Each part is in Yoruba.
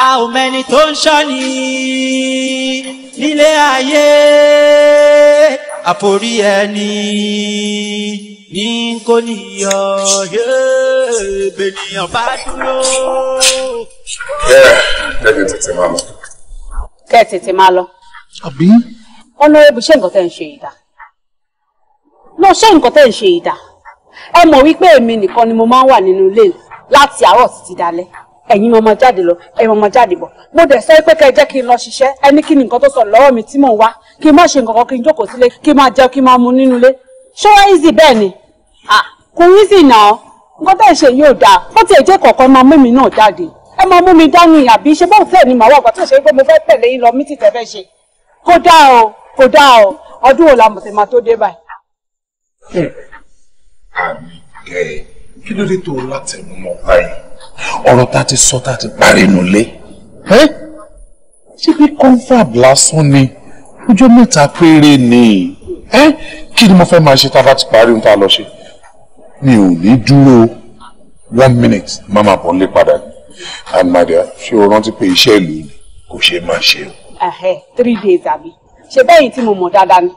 a ò mẹni tó ń ṣọ́ni nílé ayé àforí ẹni ní kò níyọ ènìyàn bá dúró. kẹ́ẹ̀ tètè máa lọ. kẹ́ẹ̀ tètè máa lọ. àbí. ọ̀nàrẹ́bù ṣé nǹkan tẹ́ ń ṣe ìdá náà ṣé nǹkan tẹ́ ń ṣe ìdá ẹ mọ̀ wípé èmi nìkan ni mo máa ń wà nínú ilé láti àárọ̀ títí dalẹ́ ẹ̀yin mọ̀mọ́ jáde lọ ẹ̀yin mọ̀mọ́ jáde bọ̀ mo dẹ̀ sọ pé kẹ́ jẹ́ kí n lọ ṣiṣẹ́ ẹni kí ni nǹkan tó sọ lọ́wọ́ mi tí mò ń wá kí n má ṣe nǹkan kan kí n jókòó sílé kí n máa jẹun kí n máa mu nínú ilé ṣé wá easy bẹ́ẹ̀ ni kò ń easy náà nǹkan tẹ́ ẹ̀ ṣe yóò dáa bó tiẹ̀ jẹ́ kọ̀ọ̀kan máa mú mi náà jáde ẹ máa mú mi dání àbí ṣe bóun tẹ̀ ní màá wà kí ló dé tó o látẹnu mọ́ báyìí ọ̀rọ̀ tá a ti sọ tá a ti parí nulẹ̀ ẹ́ ṣé pé confab lásán ni ọjọ́ mẹ́ta péré ni ẹ́ kí ni mo fẹ́ máa ṣe tá a bá ti parí ohun tá a lọ ṣe mi ò ní dúró one minute má máa bọ̀ nílé padà and my dear ṣé o rántí pé iṣẹ́ ìlú ni kò ṣeé máa ṣe o. three days àbí ṣe bẹ́ẹ̀ yìí tí mo mọ̀ dáadáa ni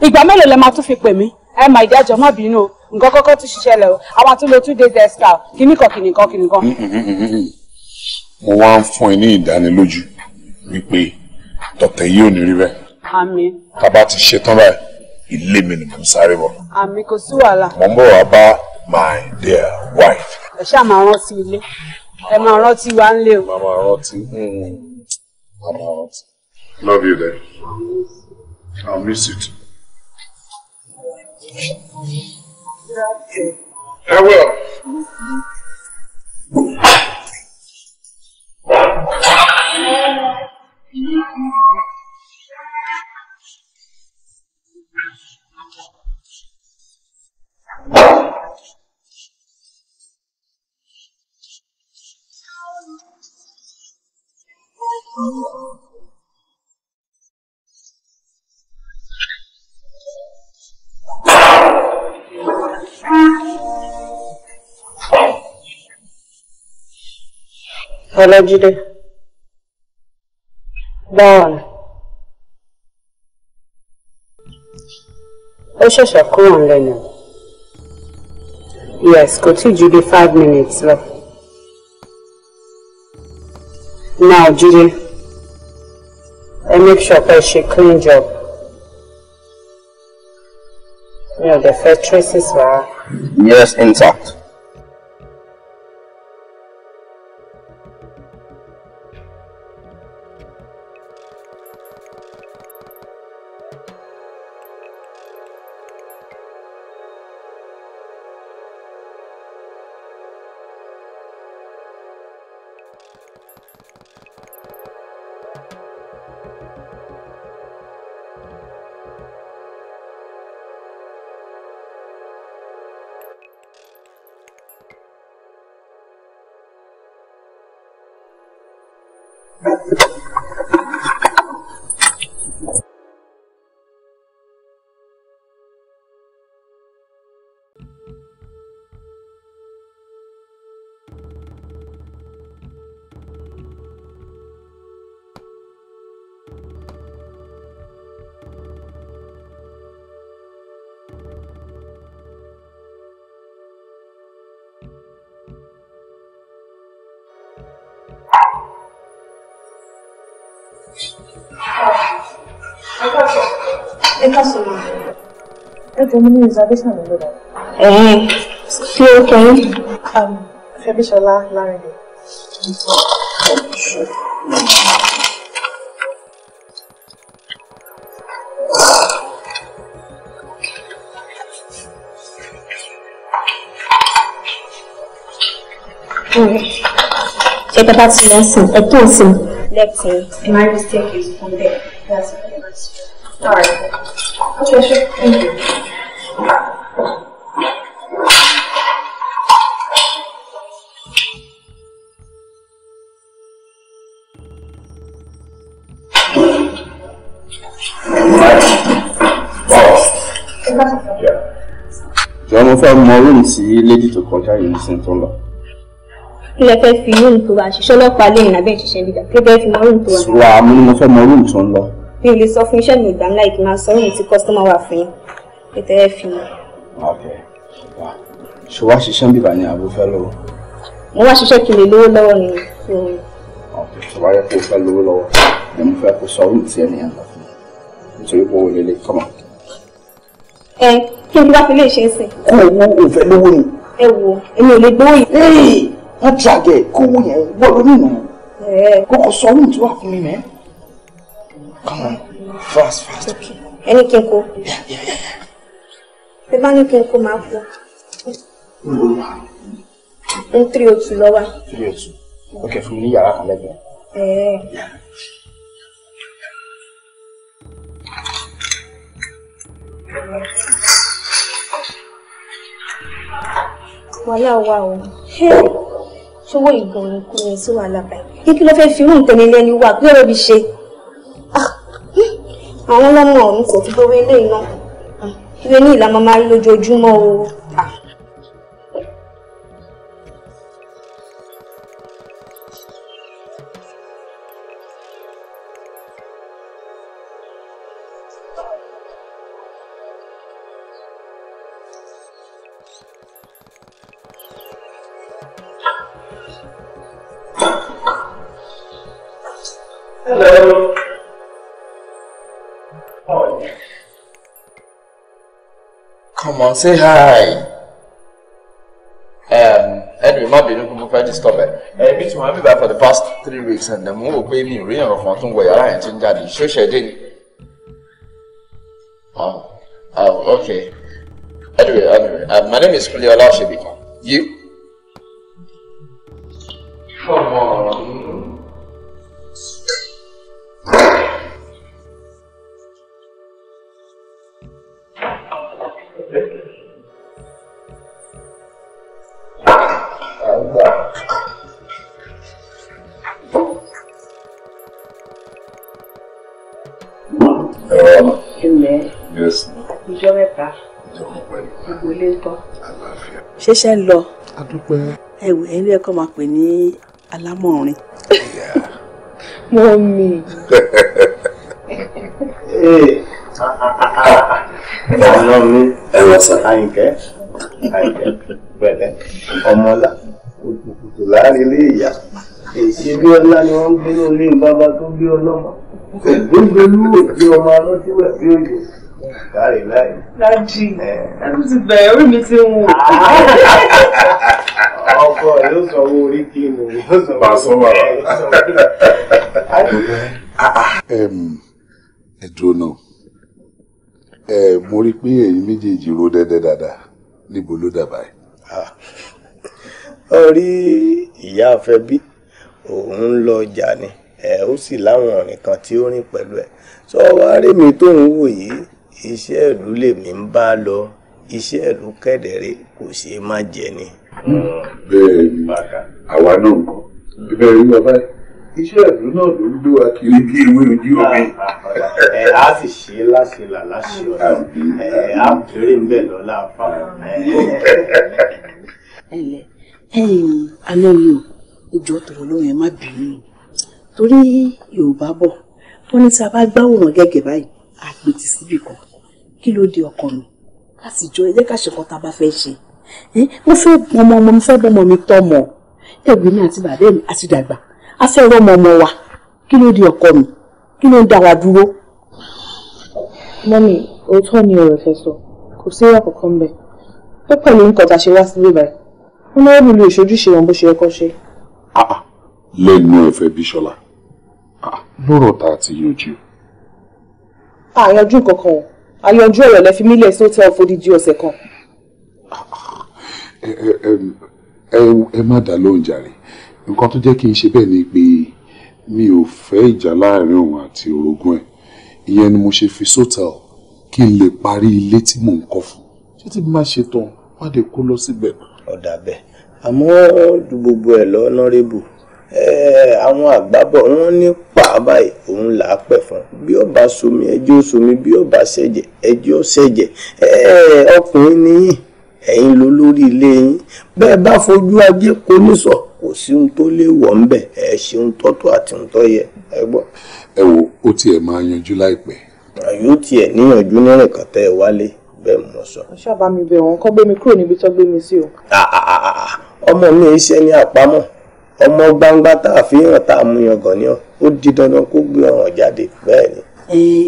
ìgbà mélòó lẹ máa tún fi pè mí ẹ máa ìdájọ́ má bínú o nǹkan kọ́kọ́ tún ṣiṣẹ́lẹ̀ o àwọn àtúnlò two days extra kìíní kan kìíní kan kìíní kan. mo wá ń fún ẹ ní ìdánilójú wípé tọ̀tẹ̀ yìí ò ní rí bẹ́ẹ̀. àmín. tá bá ti ṣe tán báyìí ilé mi ni mo sáré bọ̀. àmín kò sí wàhálà. mo ń bọ̀ wá bá my dear wife. ẹ ṣáà máa rántí ilé ẹ máa rántí wa ń lé o. màmá rántí hmm. màmá rántí. love you there. I'll miss you too. I will. Ọlọ́jídé. Báwo ni? Ó ṣẹ̀ṣẹ̀ kúrò lẹ́nu. Yes, kò tí ju five minutes lọ. Now, Jide, I make sure pé ṣe clean job. You the the fetuses were... Yes, intact. feminizadas na mulher. É, se eu tenho. Um, Fabrício, lá, lá, ali. Né? Sei hum. que tá assim, assim. É tu assim. Left hand. My mistake is from there. That's what it was. Alright. Okay, sure. Thank you. tí lady tó kọjá yìí ń sin tó lọ. kí lẹ fẹ́ fi rúùmù tó wá ṣiṣẹ́ ọlọ́pàá lẹ́yìn lábẹ́ ìṣiṣẹ́ nígbà kí lẹ fẹ́ fi mọ rúùmù tó wá. sùrù àmú ni mo fẹ́ mọ rúùmù tó ń lọ. mi ò lè sọ fún iṣẹ́ mi ìgbà ńlá ìgbìmọ̀ sọ rúùmù tí kọ́sítọ́mà wà fún yín ètò ẹ̀ fi. ṣé wàá ṣiṣẹ́ bíbá ni àbò fẹ́ lọ́wọ́. mo wá ṣiṣẹ́ kí n lè lówó lọ́wọ́ ni. ṣé wàá kí n bí wá fi lè ṣe é sìn. kó owó òfẹ lówó ni. ẹ wo èmi ò lè gbowó yìí. wọ́n ti àgẹ̀ kó owó yẹn wọ́n lórí ìnà. kókò sọ ohun tí wàá fún mi mẹ́. come on fast fast. ẹni kí n kó. bí bá ní kí n kó máa kó. n three o oh two lọ wa. three o oh two ok fún mi ní yàrá kan lẹ́gbẹ̀ẹ́. Thank you. wàhálà wà o ṣọwọ́ ìgbọ̀n ni kò ní sí wàhálà báyìí kí kí ló fẹ́ fi irú nǹkan ilé ẹni wà pé òbí ṣe ah! hmm? àwọn ọlọ́mọ ọ̀hún kò fi gbowó eléyìí náà ìwé ní ìlànà máa rí lójoojúmọ́ o. on say hi. Um, anyway, má bínú kún mo fẹ́ disturb ẹ̀. Ẹbí tí wọ́n á bí bá for the past three weeks and mo wò pé mi ò rí ẹ̀rọ kan tó ń wọ yàrá yẹn tó ń jáde. Ṣé ó Oh, oh, okay. Anyway, anyway, uh, my name is Kuliola Olaosebika. You? Come on. ṣẹ̀ṣẹ̀ lọ. adúpẹ́. ẹwẹ ẹni ẹkọ máa pè ní alámọrin. mọ mi. ọ̀nà mi ẹ̀rọ sàn. àyìnkẹ́ àyìnkẹ́ pẹ̀lẹ́ ọmọlá òkùnkùn láàrin ilé ìyá èsì bí ọlá ni wọ́n ń gbé lórí bàbá tó bí ọlọ́mọ ògbóngbélú òbí ọmọ alọ́tíwẹ̀ bí òjò káre láì. dájì ẹnu ti bẹ̀rẹ̀ orí mi ti ń wò. ọkọ yóò sọ owó orí kí ni yóò sọ owó orí kí ni. Ah, ah. ẹ dúró náà ẹ mo rí i pé ẹ̀yin méjèèjì ró dẹ́dẹ́ dáadáa níbo ló dàbà ẹ̀. Ah. orí ìyá àfẹ́bí òun lọ jà ni ẹ ó sì láwọn ọ̀rìn kan tí ó rìn pẹ̀lú ẹ̀ sọ wá rémi tóun wò yìí iṣẹ́ ìlú lèmi ń bá lọ iṣẹ́ ìlú kẹ̀dẹ̀rẹ́ kò ṣeé má jẹ ni. bẹ́ẹ̀ ni àwa náà ń kọ́ bẹ́ẹ̀ ni bàbá iṣẹ́ ìlú náà ló ń gbé wa kiri bí ewé ojú omi. ẹ á sì ṣe é láṣìlà láṣì ọ̀la ẹ á kéré ń bẹ̀ lọ́la apá. ẹnlẹ ẹyin alẹ́ yìí ìjọ tòun lóyún ẹ má bínú torí Yorùbá bọ̀ wọ́n ní tí a bá gbáwòrán gẹ́gẹ́ báyìí àgbètì síbì kan kí ló di ọkàn mi láti jọ ẹ jẹ́ ká ṣe nǹkan tá a bá fẹ́ ṣe mo fẹ́ ọmọ ọmọ mi fẹ́ bọ́mọ mi tọ́mọ ẹ̀gbìn mi àti bàbá mi àti dàgbà a fẹ́ rọ́mọ ọmọ wa kí ló di ọkọ mi kí ló ń dá wa dúró. mọ́mí òótọ́ ni ọ̀rọ̀ fẹ́ sọ kò sí ìyá kankan bẹ́ẹ̀ ó pẹ̀lú nǹkan tá a ṣe wá síbí báyìí wọn náà bí lu ìṣojúṣe wọn bó ṣe yẹ kó ṣe. Ah, ah. lẹ́nu ẹ̀fẹ́ bíṣọlá ah, lọ́rọ̀ tá a ti kankan o àyànjú ọ̀rọ̀ lẹ fi mí lẹ̀ sí hotel fódìdí ọ̀sẹ̀ kan. Ah, ah, ah, ẹ má dá lóhùn jàre nǹkan tó jẹ́ kí n ṣe bẹ́ẹ̀ ni pé mi ò fẹ́ ìjà láàrin òun àti orogún ẹ̀ ìyẹn ni mo ṣe fi sótẹ́l kí n lè parí ilé tí mò ń kọ́ fún ṣé tí má ṣe tán má lè kó lọ síbẹ̀. ọ̀dà bẹ́ẹ̀ àmọ́ gbogbo ẹ̀ lọ nọ́rẹ́bù àwọn àgbábọ̀ wọ́n ní á báyìí òun là á pẹ̀ fún bí ó bá somi ẹjọ́ somi bí ó bá ṣẹ̀jẹ̀ ẹjọ́ ṣẹ̀jẹ̀ ọkùnrin nìyí ẹ̀yin ló lórí ilé yín bẹ́ẹ̀ bá fojú ajé konísọ kò sí ohun tó lè wọ̀ ń bẹ̀ ẹ̀ ṣe ohun tọ́tọ́ àti ohun tó yẹ ẹ gbọ́. ẹ wo ó tiẹ̀ máa yanjú láìpẹ́. àyò tiẹ̀ níyànjú nírìn kan tẹ́ ẹ wálé bẹ́ẹ̀ mọ̀ sọ. ṣáà bá mi bẹ̀ wọ́n kọ́ gbé mi kúrò níbi tó gbé mi sí o. ọmọ mi iṣẹ́ ní àpamọ́ ọmọ gbangba tá a fi hàn tá a mú yangàn ni ọ ó di dandan kó gbé ọ̀ràn jáde bẹ́ẹ̀ ni.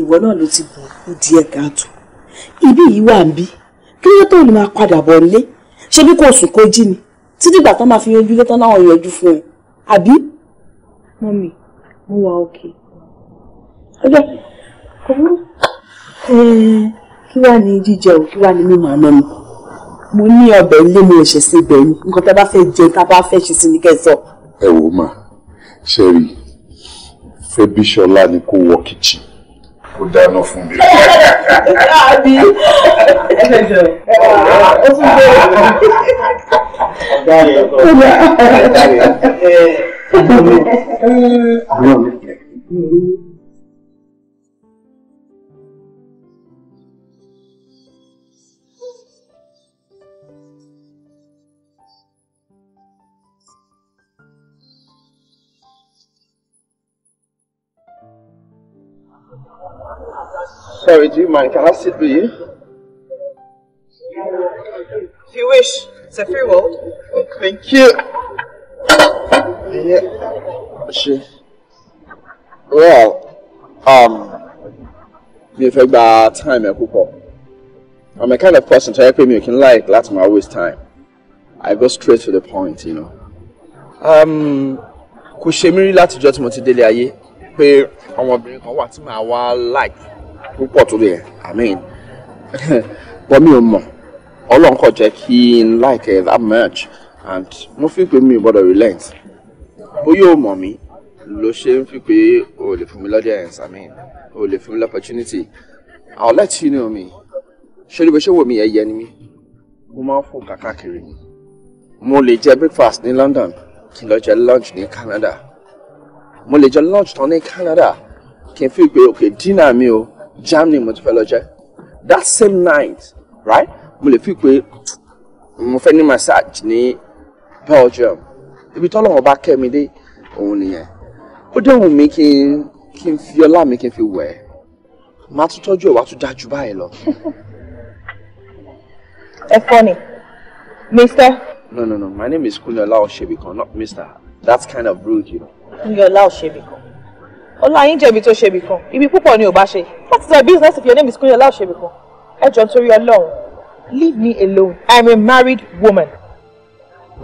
ìwọ náà ló ti bọ̀ ó di ẹ̀ gàtò ibi yìí wà ń bí kí ló tó lè máa padà bọ̀ nílé ṣé bí kò sùn kó jí ni títí ìgbà tán máa fi yanjú létán láwọn yanjú fún ẹ àbí. mọ́mì mo wà òkè. ọjọ́ kò mú kí wàá ní jíjẹ o kí wàá ní mímọ àná mi mo ní ọbẹ̀ ilé mi ò ṣe sí ibẹ̀ ni nǹkan tá a bá fẹ́ jẹ tá a bá fẹ́ ṣe sí ni kẹ́ ẹ sọ ẹ wò mà ṣe rí Fẹ́bíṣọlá ni kó wọ kitchen kó dáná fún mi. àbí ẹlẹjọ Sorry, do you mind? Can I sit with you? If you wish. It's a free world. Oh, thank you. Yeah. She. Well, um, mi ò fẹ́ time ẹ̀ púpọ̀. I'm a kind of person tó yẹ pé you can like láti máa waste time. I go straight to the point, you know. Um, kò ṣe mí rí látijọ́ tí mo ti I'm ayé pé ọmọbìnrin kan wà tí màá like púpọ̀ tó yẹ àmín bọ́ mi ò mọ̀ ọlọ́run kò jẹ́ kí n like it that much and mo fi pé mi ò gbọ́dọ̀ relent bóyá o mọ̀ mí ló ṣe ń fi pé o lè fún mi l'audience àmín o lè fún mi l'opportunity àwọn lẹ́tí inú mi ṣé ló bẹ ṣé wò mí ẹyẹ ni mí mo máa ń fò káàkiri mi mo lè jẹ breakfast ní London kí n lọ jẹ lunch ní Canada mo lè jẹ lunch tán ní Canada kí n fi pé òkè dínà mi o. Okay, Germany mo ti fẹ́ lọ jẹ́ that same night right mo lè fi pé mo fẹ́ ní massage ní Belgium ibi tọ́lọ́ wọn bá kẹ́ mi dé òun nìyẹn ó dé wù mí kí n kí n fi ọlá mi kí n fi wẹ̀ ẹ́ màá tún tọ́jú ẹ̀ wá tún dájú báyìí lọ. ẹ fọ́ ni mister. no no no my name is Kunle Olaosebi not mister that's kind of rude you know. Kunle Olaosebi Ọláyín jẹ̀bi tó ṣe bìkan ibi púpọ̀ ni ò bá ṣe what is your business if your name is Kúnlé Ọláṣebìkan ẹ jọ̀ọ́ nítorí Ọlọ́run leave me alone I am a married woman.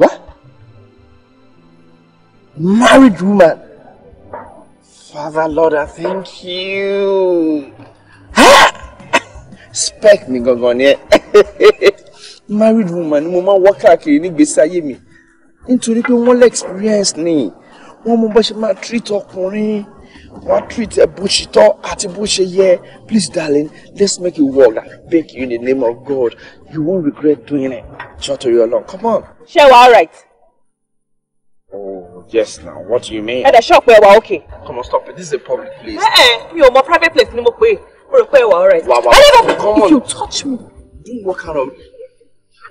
What? Married woman? Father Lord, I thank you. Spec mi gangan ni ẹ. Married woman ni mo máa ń wá káàkiri nígbésí ayé mi nítorí pé wọ́n lè experience ni wọ́n mọ bó ṣe máa treat ọkùnrin wọ́n treat ẹ bó ṣe tọ́ àti bó ṣe yẹ please darling let's make it work beg you in the name of God you won't regret doing it ṣan your Ọlọ́run come on. ṣé wàá right. oh yes now what do you mean. ẹ̀dẹ̀ ṣọ́ọ̀pù ẹ̀wà okay. come on stop it this is a public place. ẹ eh, ẹ eh, mi ò mọ private place ni mo pè é mo rò pé ẹ̀wà alright. wà wà wà come on if you touch me. don't walk around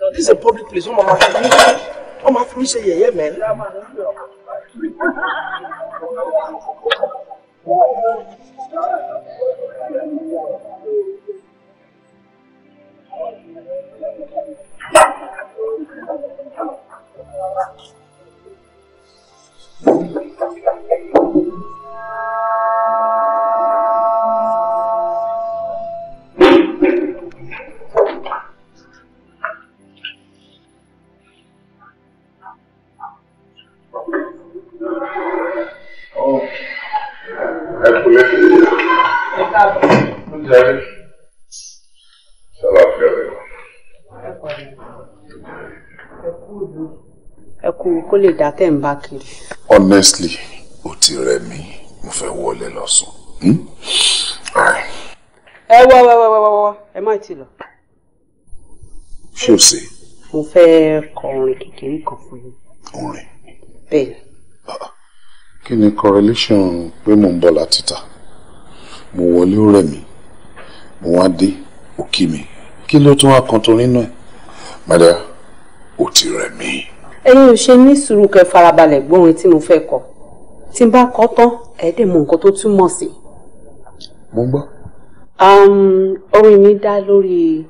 no, this is a public place wọ́n máa fi mí wọ́n máa fi mí ṣe yẹ̀yẹ́ mẹ́rin. Oh ẹ kúlẹ̀ ń jẹrẹ sálàfíà rẹ wà. ẹ kú kó lè dá tẹ̀ ń bá kiri. honestly ó ti rẹ̀ mí mo fẹ́ wọlé lọ sùn. Hmm? ẹ wá wá wá wá wá ẹ má ti lọ. ṣé o ṣe. mo fẹ́ kọ orin kékeré kan fún yín. orin. bẹ́ẹ̀ kí ni correlation pé mò ń bọ̀ látìta mo wọlé ó rẹ̀ mí mo wá dé ó kí mi kí ló tún wá kan tó nínú ẹ̀ mẹ́dà ó ti rẹ̀ mí. ò ṣe ní sùúrù kẹ́ farabalẹ̀ gbóhùn tí mo fẹ́ kọ tí n bá kọ tán ẹ̀ẹ́dẹ̀ nǹkan tó túmọ̀ sí. mo gbọ́. Um, orin mi dá lórí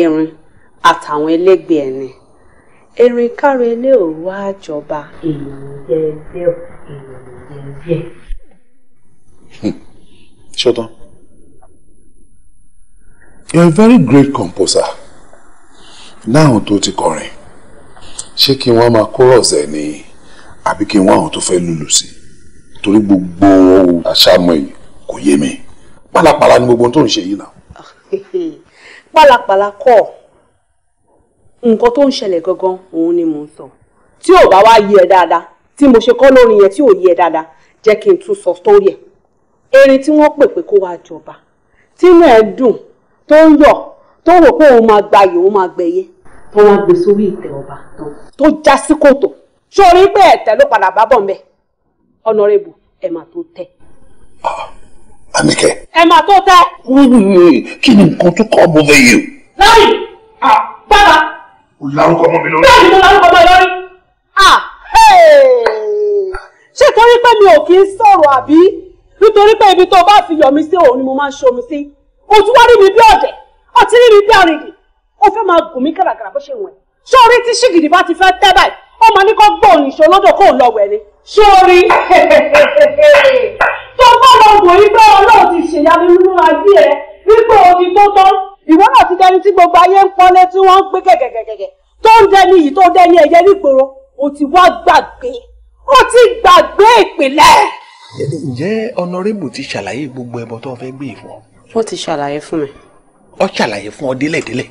erin àtàwọn ẹlẹ́gbẹ̀ẹ́ ẹni erin káre ilé òwú àjọba èèyàn yẹ ilé ọ̀rọ̀ bí ẹ̀. ṣọ́tán a very great composer Now, to ti kọrin ṣé kí wọ́n máa kó rọ̀ṣẹ̀ ni àbí kí wọ́n àwọn tó fẹ́ lùlù sí torí gbogbo àṣàmọ̀ yìí kò yé mi pálapàla ni gbogbo ohun tó ń ṣe yìí náà. pálapàla kọ́ nǹkan tó tí mo ṣe kọ́ lórin yẹn tí ò yẹ dáadáa jẹ́ kí n tún sọ sórí ẹ̀ erin tí wọ́n pè pé kó wá jọba tínú ẹ̀ dùn tó ń yọ̀ tó rò pé òun máa gbayì òun máa gbẹ̀yẹ tó wá gbé sórí ìtẹ́ ọba tó já sí kòtò sórí pé ẹ̀tẹ́ ló padà bá bọ̀ ń bẹ̀ ọ̀nàrẹ́bù ẹ̀ máa tó tẹ̀. Àmìkẹ́. Ẹ máa tó tẹ́. Ah, kí ni nǹkan tó kọ́ ọmọ bẹ́ẹ̀ yìí? Lọ́rì! Ah, bàbá! o lárúkọ ọmọ mi lórí. Bẹ́ẹ̀ni mo lárúkọ ọmọ mi lórí. Ah, ṣé torí pé mi ò kí ń sọ̀rọ̀ àbí nítorí pé ibi tó bá fi yọ̀ mí sí òun ni mo máa ń ṣomi sí o tún wá rí mi bí ọ̀dẹ̀ o ti rí mi bí àrìndì o fẹ́ máa gùn mí kàràkàrà bó ṣe wọ̀n ṣé orí tí ṣìgìdì bá ti fẹ́ tẹ́ báyìí ó máa ní kó gbọ́ òníṣó lọ́dọ̀ kó lọ wẹ̀ ni ṣé orí tó bá lọ wò yí pé ọlọ́run ti ṣèyanu nínú ayé ẹ wípé o ti tó tán ìwọ náà ti dẹni tí gbogbo ayé ń pọ́nlé tí wọ́n ń pé gẹ̀gẹ̀gẹ̀gẹ̀ tó ń dẹni yìí tó ń dẹni ẹ̀yẹ nígboro o ti wá gbàgbé o ti gbàgbé ìpìlẹ̀. ǹjẹ́ ọ̀nàrẹ́bù ti ṣàlàyé gbogbo ẹbọ tó fẹ́ gbé ìfọ. wọ́n ti ṣàlàyé fún mi. ọ ṣàlàyé fún ọ délẹ̀délẹ̀.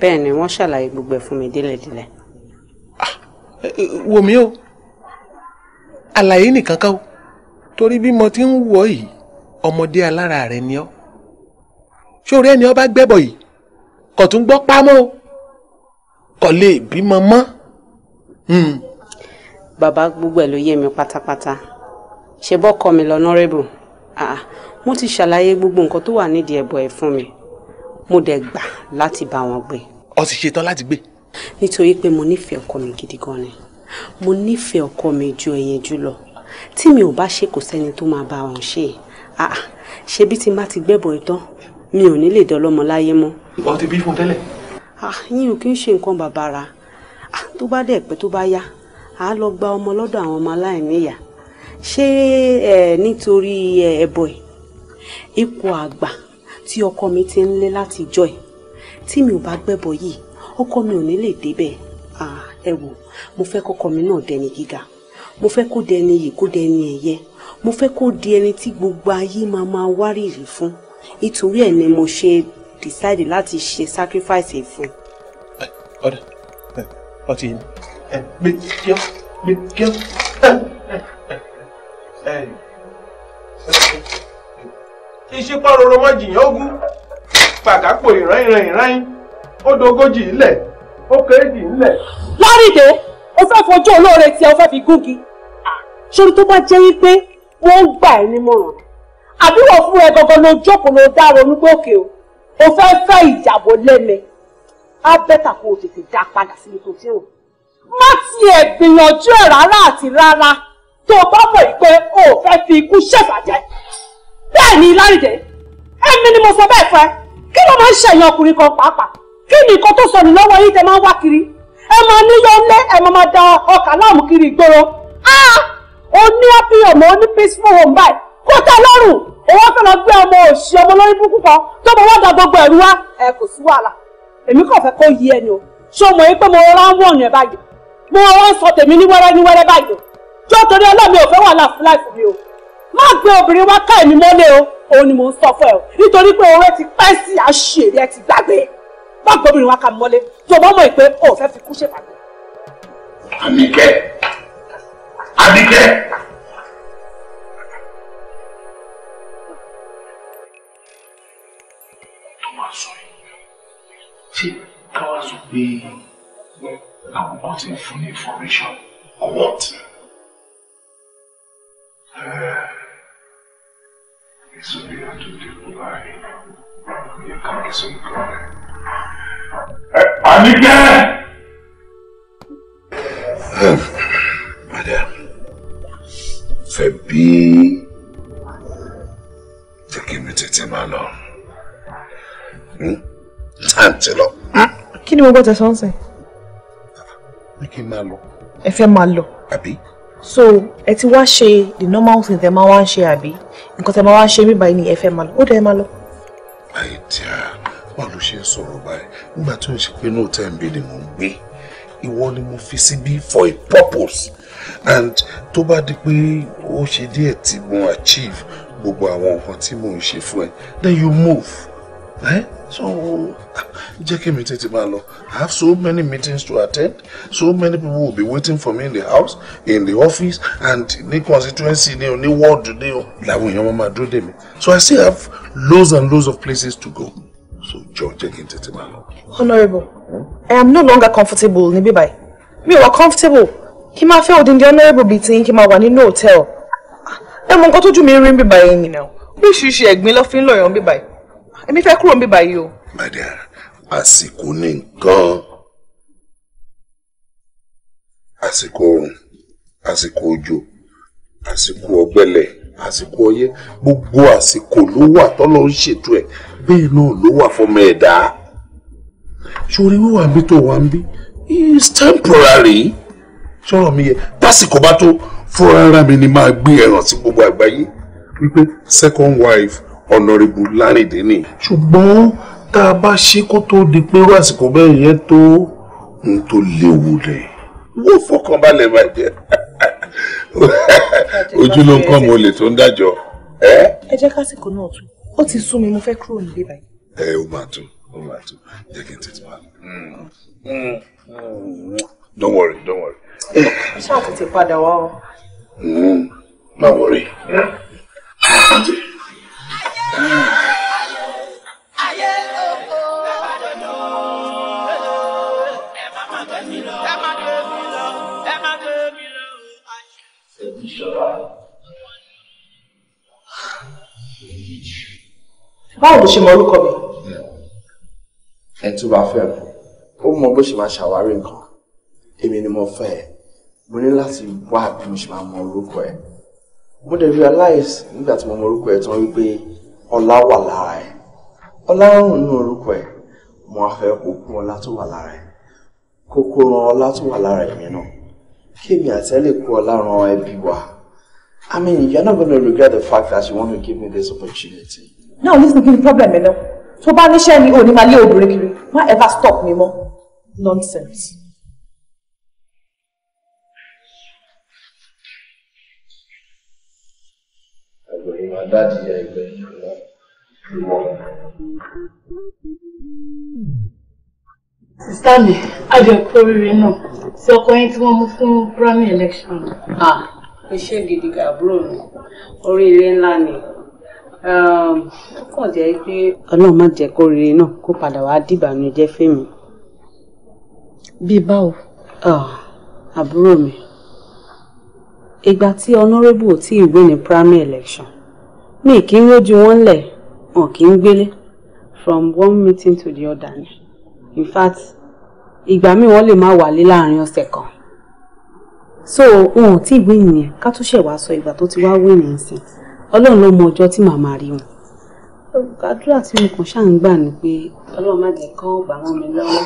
bẹ́ẹ̀ ni wọ́n ṣàlàyé gbogbo ẹ̀ fún mi délẹ̀délẹ̀. Ah, wò mí o àlàyé nìkan kan o torí bí mo ti ń wọ̀ yìí ọmọdé alára rẹ ni ọ ṣóòrè ẹni ọ bá gbẹ́bọ̀ yìí kò tún gbọ́ pamọ́ kò lè bímọ mọ́. Hmm. bàbá gbogbo ẹ̀ ló yé mi pátápátá ṣe bọ́ kọ́ mi lọ́nọ́rẹ́bù ah, ah. mo ti ṣàlàyé gbogbo nǹkan tó wà nídìí ẹ̀bọ ẹ̀ fún mi mo dẹ̀ gbà láti bá wọn gbé. o ti ṣetán láti gbé. nítorí pé mo nífẹ̀ẹ́ ọkọ mi gidi gan ni mo nífẹ̀ẹ́ ọkọ mi ju ẹ̀yìn jù lọ tí mi ò bá ṣe kò sẹ́ni tó máa bá wọn ṣe ah, ṣebí tí n bá ti gbẹ́bọ̀ ìtàn mi ò ní lè dọ́lọ́mọ láyé mọ́. o bí fún tẹ́lẹ̀. yín ò kí ń ṣe nǹkan bàbàrà Ah, tó bá dẹ̀ pẹ́ tó bá yá a lọ gba ọmọ lọ́dọ̀ àwọn ọmọ aláìní ìyá ṣé ẹ nítorí ẹbọ ẹ ipò àgbà tí ọkọ mi ti ń lé láti jọ ẹ tí mi ò bá gbẹ́bọ yìí ọkọ mi ò ní lè débẹ̀ ẹ wò mo fẹ́ kọ́kọ mi náà dẹni gíga mo fẹ́ kó dẹni yìí kó dẹni ẹ̀yẹ mo fẹ́ kó di ẹni tí gbogbo ayé máa máa wárìrì fún nítorí ẹ̀ ni mo ṣe decide láti ṣe sacrifice fún. ọ̀dà ọtí yìí ẹ gbé kí ọ gbé kí ọ ẹ ẹ ìṣípọ̀ roro mọ́ jìyàn ogun pàkápò ìran ìran ìran yín ó dogójì ńlẹ̀ ó kéèjì ńlẹ̀. Lárìdé o fẹ́ fojú olóore tí o fẹ́ fi gúngi ṣorí tó bá jẹ́ wípé wọ́n ń gbà ẹ́ nímọ̀ràn àbúrò fún ẹ gangan ló jókòó ló dá ronú gbòkè o o fẹ́ fẹ́ ìjàbọ̀ lẹ́mẹ̀ẹ́ á bẹ́tà kó o tètè dá padà síbi tó ti rò. má tiẹ̀ gbìyànjú ẹ̀ rárá àti rárá tó o bá mọ̀ pé o ò fẹ́ fi ikú ṣèbàjẹ́. bẹ́ẹ̀ ni Lárìndé ẹ̀mí ni mo sọ bẹ́ẹ̀ fẹ́ kí ló máa ń ṣèyàn ọkùnrin kan pàápàá kí ni nǹkan tó sọnù lọ́wọ́ yìí tẹ máa ń wá kiri ẹ máa níyọ lé ẹ máa máa da ọkà láàmú kiri ìgboro ó ní happy home ó ní peaceful home báyìí kó tẹ́ lọ́rùn òun fẹ́ lọ gbé ọmọ òṣì ọmọ lórí burúkú kan tó bọ́ wọ́n da gbogbo ẹ̀rú wá ẹ kò sí wàhálà èmi kàn fẹ́ kó yí ẹni o ṣé o mọ̀ pé mo rọra ń wọ̀nù ẹ̀ báyìí mo rọra ń sọ tèmi ní wẹ́rẹ́ ní wẹ́rẹ́ báyìí o jọ́ torí ọlọ́mi ò fẹ́ wà láìfù mi o má gbé obìnrin wá ká èmi mọ́lẹ̀ o òun ni mò ń sọ fún ẹ o nítorí pé oore ti pẹ́ sí àṣírí ẹ ti gbàgbé má gbé obìnrin wá ká mi mọ́lẹ̀ tó bá mọ̀ pé o fẹ́ fi kú ṣèpàdé. Àníkẹ́ Àníkẹ́. ṣé káwá sọ pé àwọn kan ti fún ní information or what. Isso vira tudo irregular. Minha cabeça não clara. É panique! Madam, fẹ́ bí jẹ́ kí mi tètè máa lọ. Hmm? tàǹtì lọ. Ah, kí ni mo gbọ́ tẹ̀sán sẹ́. pé kí n máa lọ. ẹ fẹ́ máa lọ. àbí. so ẹ ti wá ṣe the normal thing tẹ máa wá ń ṣe àbí nǹkan tẹ máa wá ń ṣe mí báyìí ni ẹ fẹ́ máa lọ ó dẹ̀ máa lọ. àìdíà báwo ló ṣe ń sọ̀rọ̀ báyìí nígbà tó ń ṣe pé náà tẹ̀ ń bẹ ni mò ń gbé ìwọ ni mo fi síbí for a purpose and tó bá di pé ó ṣe díẹ̀ tí mo achieve gbogbo àwọn nǹkan tí mò ń ṣe fún ẹ then you move. Eh? So, Jackie, kí mi I have so many meetings to attend. So many people will be waiting for me in the house, in the office, and in the constituency In the world, wọ́ọ̀dù ni o. your mama. Do them. So I still have loads and loads of places to go. So jọ Jackie, kí Honorable, hmm? I am no longer comfortable ní bíbáyìí. Mi ò wá comfortable. Kí máa fẹ́ òdìndí honourable bíi ti yín kí máa wà nínú hòtẹ́ẹ̀lì. Ẹ mọ nǹkan tójú mi rí bíbáyìí nìyẹn. Oríṣiríṣi ẹ̀gbin ló fi ń lọ̀yàn bíbáyìí èmi fẹ́ kúrò ń bí báyìí o. my dear àsìkò ní nǹkan àsìkò oòrùn àsìkò òjò àsìkò ọ̀gbẹlẹ̀ àsìkò ọyẹ́ gbogbo àsìkò ló wà tọ́lọ́ ń ṣètò ẹ̀ bẹ́ẹ̀ náà ló wà fọmọ ẹ̀dá sórí wíwà ń bí tó wà ń bí is temporary sọ̀rọ̀ mi yẹ tásìkò bá tó fúnra ara mi ni máa gbé ẹ̀ràn sí gbogbo àgbáyé wípé second wife ọ̀nàrẹ́bù lárìndé ni. ṣùgbọ́n tá a bá ṣe kó tó di pé àsìkò bẹ́ẹ̀ yẹn tó ń tó léwu rẹ̀ wọ́n fọkànbalẹ̀ bàjẹ́ ojú ló ń kọ́ mo lè tó ń dájọ́. ẹ jẹ́ kásìkò náà tún ó ti sún mi mo fẹ́ kúrò nílé báyìí. ẹ ó máa tún ó máa tún jẹ́ kí n tètè wá. Mm. don't worry don't worry. ṣáà tètè padà wá o. Mm. má worry báwo ló ṣe mọ orúkọ mi. ẹ tó bá fẹ́ mi ó mọ bó ṣe máa ṣàwárí nǹkan èmi ni mo fẹ́ ẹ mo ní láti wá bí mo ṣe máa mọ orúkọ ẹ mo dẹ̀ realize nígbà tí mo mọ orúkọ ẹ tán wípé ọlá wà lára ẹ̀ ọlá ń rùn ní orúkọ ẹ̀ mo á fẹ́ kó kún ọlá tó wà lára ẹ̀ kókó ran ọlá tó wà lára ẹ̀mí náà kémi àti kó ọlá ran ẹbí wa I mean you're not gonna regret the fact that you want to give me this opportunity. náà ní sìnkì the problem ẹ̀ náà tó bá níṣẹ́ ni òní máa lé obìnrin kiri má ever stop mi mọ́ nonsense. ẹgbẹ̀rún adájíyà ẹgbẹ̀rún. Sista mi, Adéọ̀kú oríire náà, sí ọkọ yín tí wọ́n mú fún Grammy election. Ah, mo ṣe gidi gàbúrò mi, oríire ńlá ni. Um, ó kàn jẹ́ pé Ọlọ́run má jẹ́ kó oríire náà kó padà wá dìbànújẹ́ fèmí. Bíi báwo? Ah, àbúrò mi, ìgbà tí ọ̀nàrẹ́bù ò tí ì wé ní primary election, mi kì í rójú wọn lẹ̀ wọn kì í gbélé from one meeting to the other ni in fact ìgbà míì wọ́n lè má wálé láàrin ọ̀sẹ̀ kan so wọn ò tí ì wíìnì yẹn ká tó ṣẹ̀ wá sọ ìgbà tó ti wá wíìnì yẹn sí ọlọ́run ló mọ ọjọ́ tí màmá rí wọn àdúrà tí mo kàn ṣáà ń gbà ni pé ọlọ́run má jẹ́ kán gbà mọ́ mi lọ́wọ́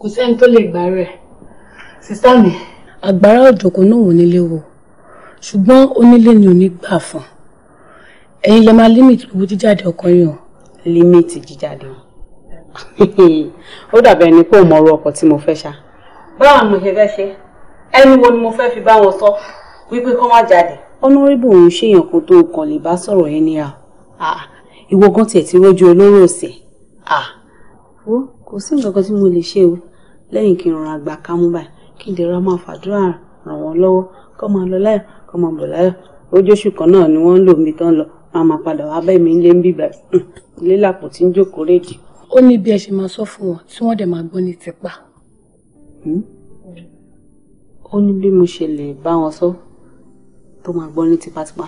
kò sẹ́ni tó lè gbà rẹ̀ sísá mi. àgbàrá òjò kò náà wò nílé wò ṣùgbọ́n onílé ni ò ní gbà fún un ẹ̀yin lè máa limit owó jíjáde ọkùnrin o. limit jíjáde o ó dàbẹ̀ ni pé òmò ọ̀rọ̀ ọkọ tí mo fẹ́ ṣá. báwọn mo ṣe fẹ́ ṣe ẹni wo ni mo fẹ́ fi bá wọn sọ wípé kán má jáde. ọ̀nàrẹ́bù òun ṣèyàn kan tó kàn lè bá sọ̀rọ̀ yẹn ní à ìwọ gan tiẹ̀ ti rójú olóró ọ̀sẹ̀ à ó kò sí nǹkan kan tí mo lè ṣe o lẹ́yìn kí n ràn àgbà ká mú báyìí kí n dẹ̀ra máa a máa padà wá bẹ́ẹ̀ mi ń lé ń bíbà ilé tí ń jókòó rèdì. ó ní bí ẹ ṣe máa sọ fún wọn tí wọ́n dẹ̀ máa gbọ́ ní tipa. Hmm. ó ní bí mo ṣe lè bá wọn sọ tó máa gbọ́ ní tipátipá.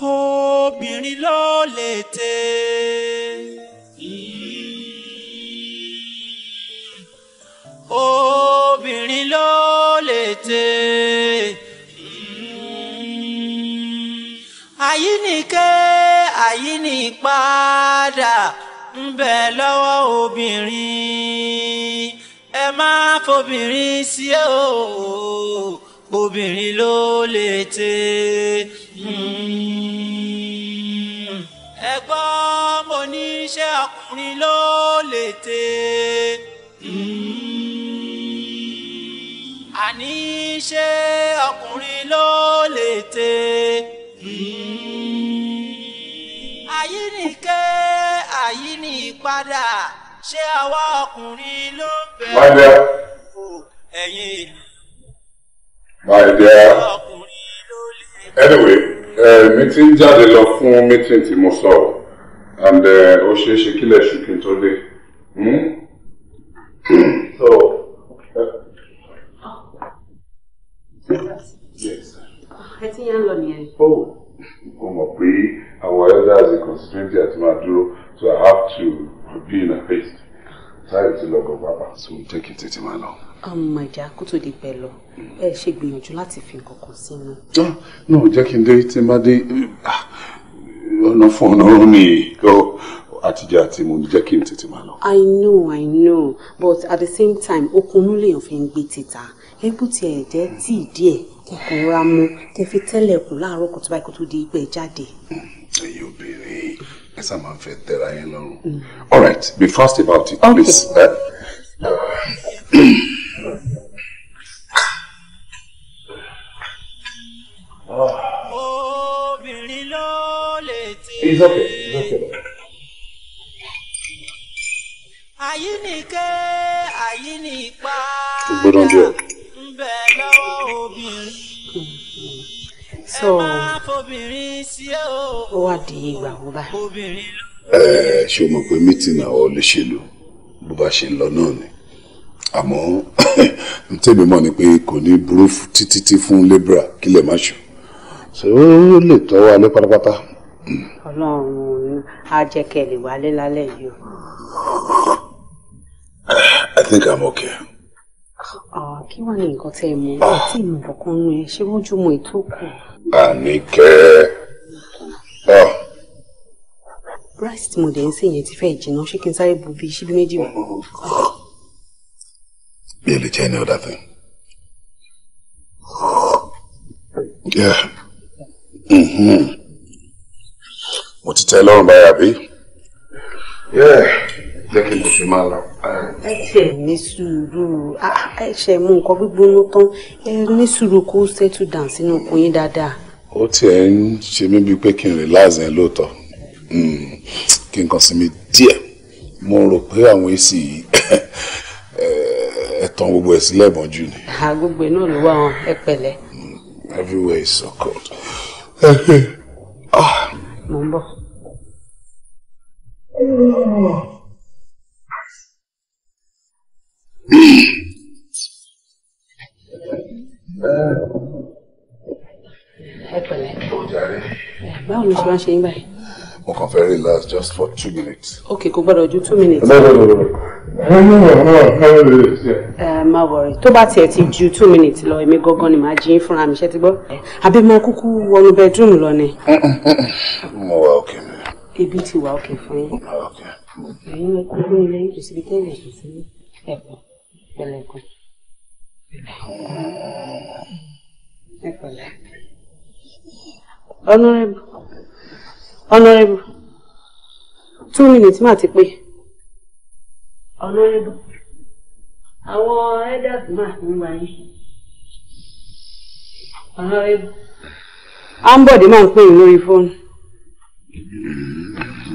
obìnrin ló lè tẹ̀. obìnrin ló lè tẹ̀. àyíníkẹ́ àyínípadà ń bẹ lọ́wọ́ obìnrin ẹ má fobìnrin sí ẹ o obìnrin ló lè tẹ̀. ẹ̀gbọ́n mo ní iṣẹ́ ọkùnrin ló lè tẹ̀ àní ṣé ọkùnrin ló lè tẹ. àyíníkẹ́ àyínípadà ṣé àwa ọkùnrin ló ń bẹ. ẹ̀yin. my dear anyway uh, eh, meeting jáde lọ fún meeting tí mo sọ̀rọ̀ and eh, ó ṣeé ṣe kílẹ̀ ṣùkín tó dé. Hmm? so. Uh, oh. Yes. Ẹ ti yẹn lọ nìyẹn. Oh, mo mọ̀ pé àwọn elders in constituency àti máa dúró so I have to be in a haste. Táyọ̀ ti lọ gan pàpà. So jẹ́ kí n tètè máa lọ. Àmọ́ ìjà kó tó di pẹ́ lọ, ẹ ṣe gbìyànjú láti fi nǹkan kan sínú. Ah, Náà jẹ́ kí n dé tí n bá dé ah, ọ̀nà fún àtijọ́ àti mo jẹ́ kí n tètè máa lọ. I know I know but at the same time okunnu lèèyàn fi ń gbé títa ẹgbẹ́ tí ẹ̀ jẹ́ tí ìdí ẹ̀ kẹkùn ra mu tẹ fi tẹ́lẹ̀ kù láàárọ̀ kùtù báyìí kó tó di ìgbẹ́ jáde. ẹ̀yin obìnrin ẹ sá máa ń fẹ́ tẹ́ra yẹn all right be fast about it please. Okay. Uh, oh. It's okay. It's okay. anyị o. ẹ ṣe ṣe lọ náà ni àmọ́ tèmi mọ̀ ni pé kò ní burú títí tí fún libra kí lè má ṣù ṣé ó lè tọ́wọ́ alẹ́ pátápátá. ọlọ́run á jẹ́ kẹ́ I think I'm okay. Ah, kí wàá ní nǹkan tẹ́ ẹ mú? Ah. Tí ìmọ̀ kọ̀ọ̀kan rún ẹ, ṣé wọ́n jùmọ̀ ètò kù? Àníkẹ́. Ah. Rice tí mo dẹ̀ ń sè yẹn ti fẹ́ jìnnà, ṣé kí n sáré bu bíi ṣíbí méjì wọ̀? Mi ò lè jẹ́ any other thing. Yeah. Mm-hmm. Mo ti tẹ́ lọ́rùn báyà bí? Yeah jẹ́ kí n kò ṣe máa lọ. ẹ ṣe ní sùúrù ẹ ṣe mú nǹkan gbígbóná tán ẹ ní sùúrù kó settle down sínú oko yín dáadáa. ó tiẹ̀ ń ṣe mí bíi pé kí n relax yẹn lóòótọ́ hmm, kí n kàn sinmi díẹ̀ mo rò pé àwọn èsì yìí eh, ẹ̀tàn gbogbo ẹ̀ sílẹ̀ mọ́jú ni. gbogbo ẹ̀ náà ló wà wọn ẹ pẹ̀lẹ́. Hmm, everywhere is so cold. mo ń bọ̀. ẹ pẹ̀lẹ́. báwo ló ṣe máa ń ṣe yín báyìí. mo two minutes. ok kò gbọ́dọ̀ ju two minutes. má wọrí tó bá tiẹ̀ ti ju two minutes lọ èmi gangan ni màá jí yín fúnra mi ṣe ti gbọ́. àbí mo kúkú wọnú bedroom lọ ni. mo wà òkè mi. ebi ti wà òkè fún yín. ẹ̀yin ló gbé ilé ìtòsíbi tẹ́lẹ̀ ìtòsíbi ẹ̀kọ́ pẹ̀lẹ́ kan. ẹ pẹ̀lẹ́. honourable two minutes ma, ti pé. honourable àwọn elders máa ń wá yín. honourable. ambode máa ń pè yín lórí fóònù.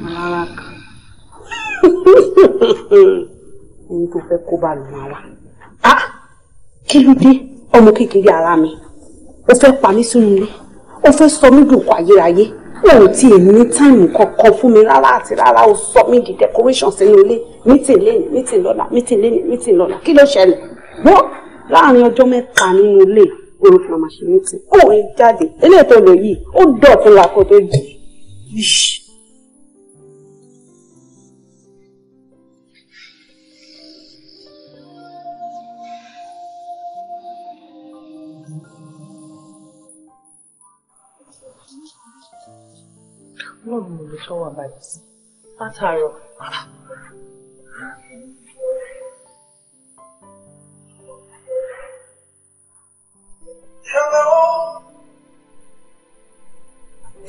Malala kan. Ní tó fẹ́ kó bá lù wá kí ló dé ọmọ kékeré ara mi ó fẹ́ pa mí sínú ilé ó fẹ́ sọ mí dùn kọ ayérayé wọn ò tí ì ní táìmù kankan fún mi rárá àti rárá ó sọ mí di decoration sínú ilé mítìn lẹ́yìn mítìn lọ́la mítìn lẹ́yìn mítìn lọ́la kí ló ṣẹlẹ̀ wọ́n láàrin ọjọ́ mẹ́ta nínú ilé orí fún ọmọ ṣe mítìn ó ń jáde eléyìí tó lò yìí ó dọ̀ fún wa kó tó jì í. Hello? Is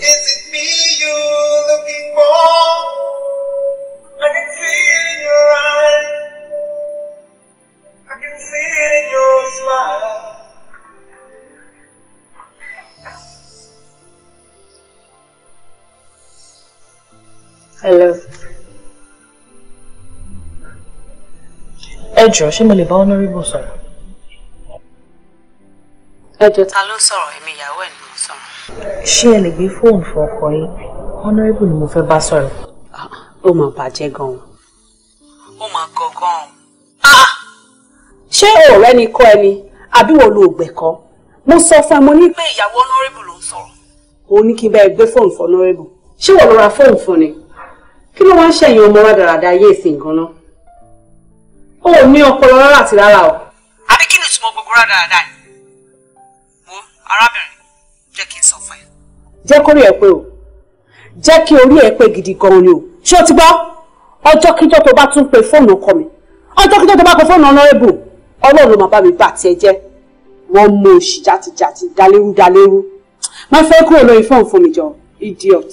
it me you're looking for? I can see it in your eyes. I can see it in your smile. hello. ẹ jọ̀ọ́ ṣé mo lè bá honourable sọ̀rọ̀. ẹ jọ̀ọ́ ta ló sọ̀rọ̀ èmi ìyàwó ẹ̀ ló sọ̀rọ̀. ṣé ẹ lè gbé fóònù fún ọkọ yín honourable ni mo fẹ́ bá sọ̀rọ̀. Ah, ó máa bàjẹ́ gan-an. ó máa gọ̀ gan-an. Ah! ṣé ọ̀rẹ́ ni kọ́ ẹni àbí wo lo ògbẹ̀kọ́ mo sọ fún ẹ mo ní pé ìyàwó honourable ló ń sọ̀rọ̀. o ní kí n bá ẹ gbé fóònù fún honourable ṣé wọ́n lọ ra fóònù fún ni kí ló wá ń ṣẹ̀yìn ọmọ rádaràda ayé ìsìn nǹkan náà ó ní ọpọlọ rárá àti rárá o. àbí kí ni ìtumọ̀ gbogbo rádaràda yìí wo arábìnrin jẹ́ kí n sọ fún ẹ. jẹ́ kórí ẹ pé o jẹ́ kí orí ẹ pé gidi gan-an ni o ṣé o ti gbọ́ ọjọ́ kíjọ́ tó bá tún pe fóònù ọkọ mi ọjọ́ kíjọ́ tó bá pe fóònù ọ̀nàrẹ́bù ọlọ́run ló máa bá mi bà tiẹ̀ jẹ́ wọ́n mú òṣì jàtijàti dalérú dalérú má fẹ́ kúrò lórí fóònù fún mi jọ idiot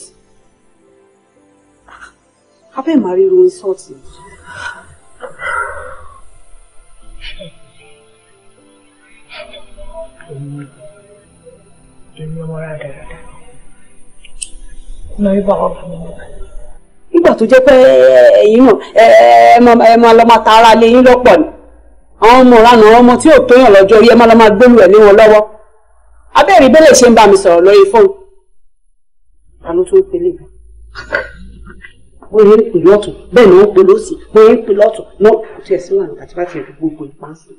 abẹ́ máa ríro ìsọ́ọ̀tì. èmi ọmọ rà dáadáa lọ rí bàbá fún mi. nígbà tó jẹ́ pé eh, eh, ẹ̀yin náà ẹ máa lọ máa ta ara lé yín lọ́pọ̀ ni àwọn ọmọ ìranà àwọn ọmọ tí ò tóyàn lọ́jọ́ orí ẹ máa lọ máa gbẹ́rù ẹ̀ lé lọ́wọ́ abẹ́rẹ́ ìbẹ́lẹ̀ ṣe ń bá mi sọ̀rọ̀ lórí fóònù ta ló ń pelé wọ́n ń pè lọ́tún bẹ́ẹ̀ ni wọ́n pè lọ́sì wọ́n ń pè lọ́tún náà kò tiẹ̀ sí wà nígbà tí bá tiẹ̀ gbogbo ìgbò ìpá sí.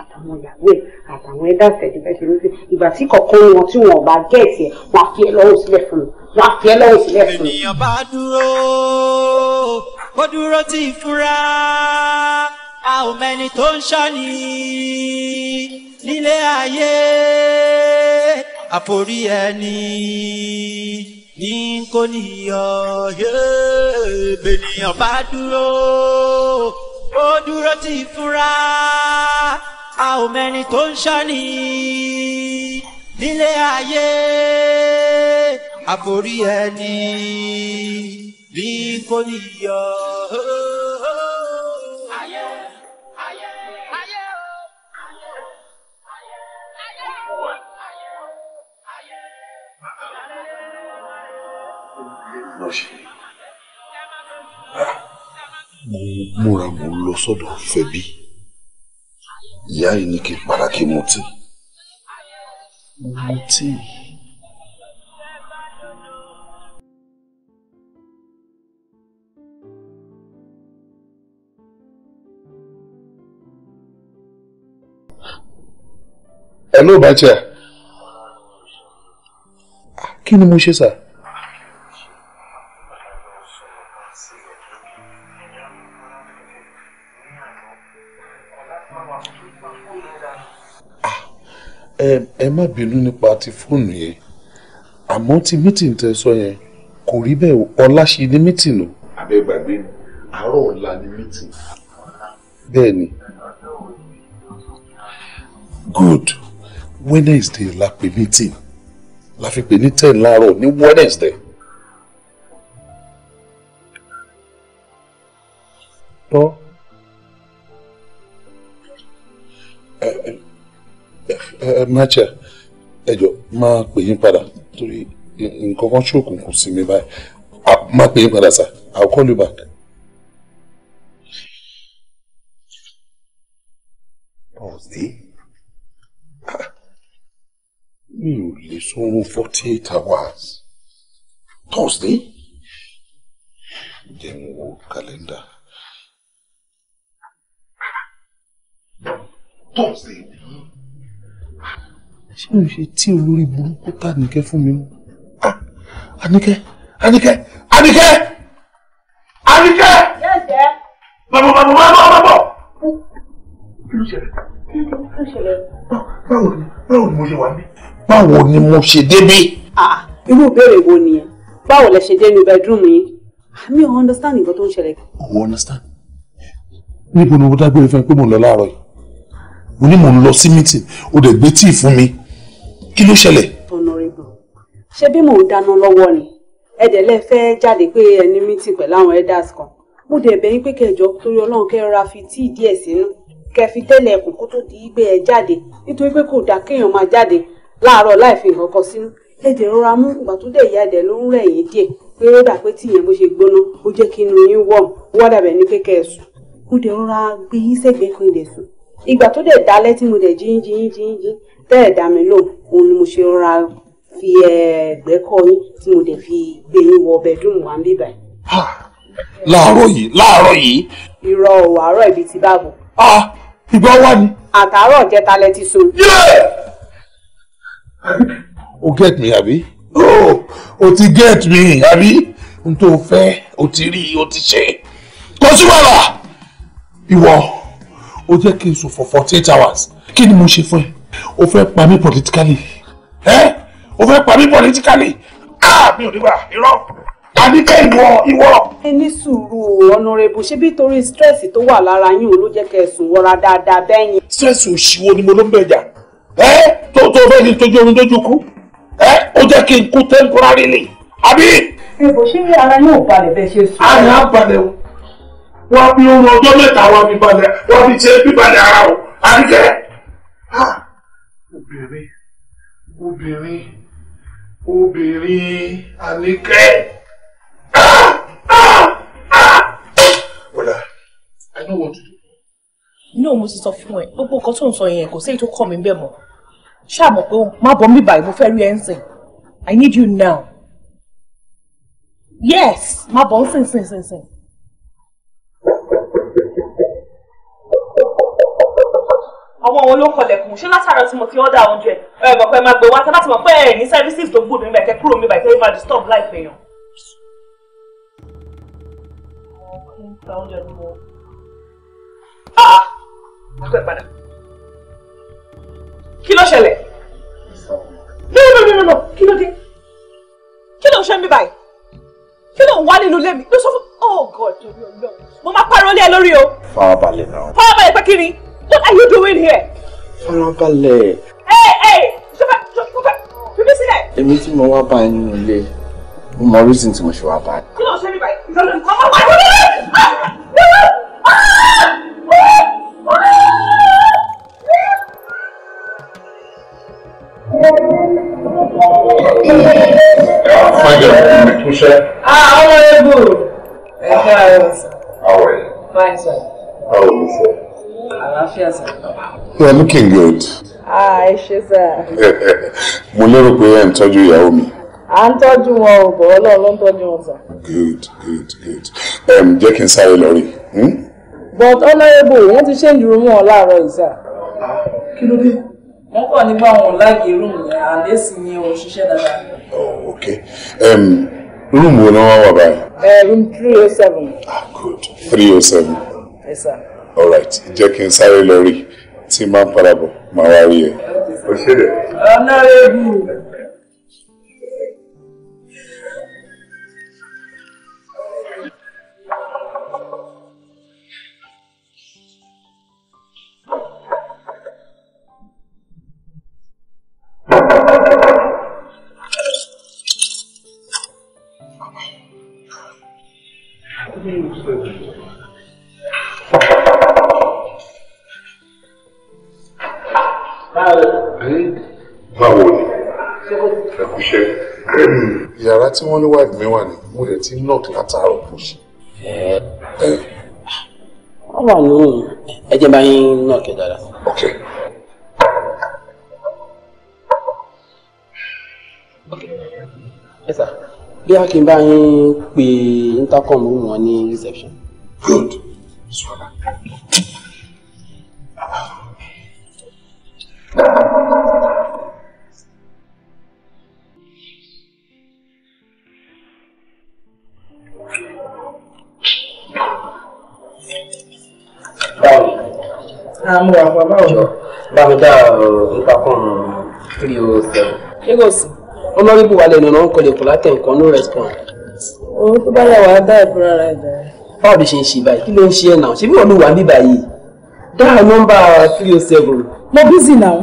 àtàwọn ìyàwó ẹ̀ àtàwọn ẹ̀dá àtẹ̀jẹ̀bẹ̀jẹ̀ ló ṣe ìgbà tí kọ̀ọ̀kan wọn tí wọn ò bá gẹ̀ẹ́tì ẹ̀ wọ́n á fi ẹ́ lọ́wọ́ sílẹ̀ fún un wọ́n á fi ẹ́ lọ́wọ́ sílẹ̀ fún un. ènìyàn bá dúró ó dúró tí ì fúra a ò mẹ́ni tó ń ṣọ́ni nílé ayé àforí ẹni ní kò níyọ ènìyàn bá dúró ó dúró tì í fúnra a ò mẹ́ni tó ń ṣọ́ni nílé ayé àforí ẹni ní kò níyọ. lọ́rọ̀ ṣe. mo múra mo lọ sọ́dọ̀ fẹ̀bí ìyá yìí ní kí para kí n mutí mutí. ẹ ló bá jẹ́ kí ni mo ṣe sáà. ẹ má bínú nípa ti fóònù yẹn àmọ́ ti mítìn tẹ sọ yẹn kò rí bẹ́ẹ̀ ọlá ṣe ní mítìn o. abẹ́ gbàgbé ni àárọ̀ ọ̀la ni mítìn. bẹ́ẹ̀ ni. good wednesday la pè mítìn la fi pè ní ten láàárọ̀ ní wednesday. tọ́. ẹ Eh, ẹ má ṣe ẹ jọ máa pè yín padà torí nǹkan kan ṣòkùn kò sí mi báyìí ah, máa pè yín padà sir I will call you back. Thursday ah, mi ò lè sọ̀rọ̀ forty eight hours Thursday jẹ́ n wo kàlẹ́ndà. Thursday ṣé o ṣe tí olórí burúkú tà nìkẹ́ fún mi mú anike. Ah, Àníkẹ́ Àníkẹ́ Àníkẹ́. yẹ́sẹ̀. bàbá bàbá bàbá bàbá. kí ló ṣẹlẹ̀. kí ló ṣẹlẹ̀. báwo ni báwo ni mo ṣe wà mí. báwo ni mo ṣe débí. irú ìbéèrè wo nìyẹn báwo lẹ ṣe dé inú bedroom yín mi ò understand nǹkan tó ń ṣẹlẹ̀. òun understand níbo ni mo dágbére fún ẹ pé mo ń lọ láàárọ̀ yìí mo ní mo lọ sí meeting o dẹ̀ gbé tíì fún mi kí ló ṣẹlẹ̀. honorable ṣé bí mò ń dáná lọ́wọ́ ni ẹ̀dẹ̀ lẹ fẹ́ jáde pé ẹni mítìn pẹ̀lú àwọn elders kan mo dẹ̀ bẹ̀ yín pé kẹjọ torí ọlọ́run kẹ́ rọra fi tíì díẹ̀ sínú kẹ́ fi tẹ́lẹ̀ ẹ̀kún kó tó di gbé ẹ jáde nítorí pé kò dá kéèyàn máa jáde láàárọ̀ láì fi nǹkan kan sínú ẹ̀dẹ̀ rọra mú ìgbà tó dẹ̀ ìyá ẹ̀dẹ̀ ló ń rẹ̀ yín díẹ̀ pé ó dà pé tíyẹn bó ṣe gbóná ó jẹ́ kí inú yín wọ̀ wọ́n dàbẹ̀ ní kékẹ́ ẹ̀ sùn mo dẹ̀ rọra gbé yín sẹ́gbẹ̀ẹ́ kan ilẹ̀ ìgbà tó dẹ̀ dálẹ́ tí mo dẹ̀ jíyín tẹ́ ẹ̀ dá mi lò òun ni mo ṣe rọra fi ẹ̀gbẹ́ kọ́ yín tí mo dẹ̀ fi gbé yín wọ bedroom wa ń bíbà. láàárọ̀ yìí láàárọ̀ yìí. irọ́ ò àárọ̀ ibi tí bá bọ̀. ìgbà wà ni. àtàárọ̀ jẹta lẹ ti so. o get me àbí o ti get me àbí n tó fẹ́ o ti rí o ti ṣe kò sí wàhálà ìwọ o jẹ́ kí n sùn for forty eight hours kí ni mo ṣe fún ẹ o fẹ́ pa mí politically ẹ o fẹ́ pa mí politically ah mi ò ní gbà irọ́ àbíkẹ́ ìwọ ìwọ. ẹ ní sùúrù ọ̀nàrẹ́bù ṣebí torí stress tó wà lára yín ò ló jẹ́ kẹ́ ẹ sùn wọra dáadáa bẹ́ẹ̀ yẹn. stress òṣìwò ni mo ló ń bẹ̀jà ẹ tó tó bẹ́ẹ̀ ni tójú oorun tójú kú ẹ ó jẹ́ kí n kú temporarily àbí. ẹ bò ṣé ara yóò balẹ̀ bẹ́ẹ̀ ṣe sùn. àyà balẹ̀ o wọ́n fi ohun ọjọ́ mẹ́ta wá mi balẹ̀ wọ́n fi ṣe bíbalẹ̀ ara o àbíkẹ́ ah obìnrin obìnrin obìnrin Àníkẹ́. Bọ̀dá, I know what to do. Inú mo ti sọ fún ẹ, gbogbo nǹkan tó ń sọ yẹn kò sí èyí tó kọ̀ mí bẹ́ẹ̀ mọ́. Ṣáà mọ̀ pé má bọ̀ mí báyìí, mo fẹ́ rí ẹ ń sìn. I need you now. Yes, má bọ̀ ń sìn sìn sìn sìn. ọwọ́ wọn ló ń kọlẹ̀kùn ṣé látàrọ tí mo ti ọ́dà oúnjẹ ẹ mọ̀ pé máa gbé wá tá láti mọ̀ pé ẹ ní services tó gbòdò nígbà ìkẹ́ kúrò nígbà ìkẹ́ máa disturb láìpẹ́ yàn. Ah! kí ló ṣẹlẹ̀? no no no no kí ló dé? kí ló ń ṣe mí báyìí? kí ló ń wá nínú ilé mi? ló sọ fún oh god mo máa pariwo lé ẹ lórí o. farabalẹ̀ náà. farabalẹ̀ pé kí ni? What are you doing here? Farabalẹ̀. Hey, hey! The meeting Ṣọfẹ́ Ṣọfẹ́ fífi sílẹ̀. Èmi tí mo wá bá ẹ nínú ilé, mo mọ reason tí mo ṣe wá bá ẹ. Kí ló ṣe mí báyìí? Ìjọba Ah! máa wá lórí Fájọ mi túnṣẹ́. Àwọn ah, ọmọ ẹgbò. Ẹ̀ka ẹ̀rọ. Àwẹ̀. Fáìsàn. Báwo ni sẹ́? You are looking good. Ah, ẹ ṣé sà. Mo lérò pé ẹ ń tọ́jú ìyàwó mi. À ń tọ́jú wọn ò bọ̀ ọlọ́run ló ń tọ́jú Good, good, good. Um, kí n sáré lọ rí. Hmm? But honourable wọ́n ti ṣéǹdì rúmù wọn láàárọ̀ yìí sà. Kí ló dé? Wọ́n kàn nígbà wọn room rúmù yẹn, àlẹ́sì ni ò ṣiṣẹ́ dáadáa. Oh, okay. Um, room wo ni wọ́n wà báyìí? Eh, room three oh seven. Ah, good. Three oh seven. Yes, sir all right jẹ́ kí n sáré lọ rí tí máa ń padà bọ̀ máa wá rí ẹ. ọ̀ṣẹ̀rẹ̀. ọ̀nà ewu. báwo ni ẹ kú iṣẹ́. yàrá tí wọ́n ní wáìdì mi wà ní mo lè ti knock látàárọ̀ kù sí. wọ́n wà nínú ẹ jẹ́ bá yín knock ẹ̀ ok. ẹ sà bí a kì í bá yín pe intercom room wọn ní reception. good. Swallow. báwo ni. a mú wa fún ọ báwo ni. bá mi dá nípa kan three o seven. lagos ọlọ́rìbù wa lẹ́nu náà ń kọ́ lẹ́kọ̀ọ́ látẹ̀ nǹkan no response. òun tó bá yà wá dá ìfúnra rẹ̀ jẹ́. báwo ló ṣe ń ṣe báyìí kí ló ń ṣe ẹ̀ náà ṣé bí wọ́n ló wà ní báyìí dá nọ́mbà three o seven. mo busy now.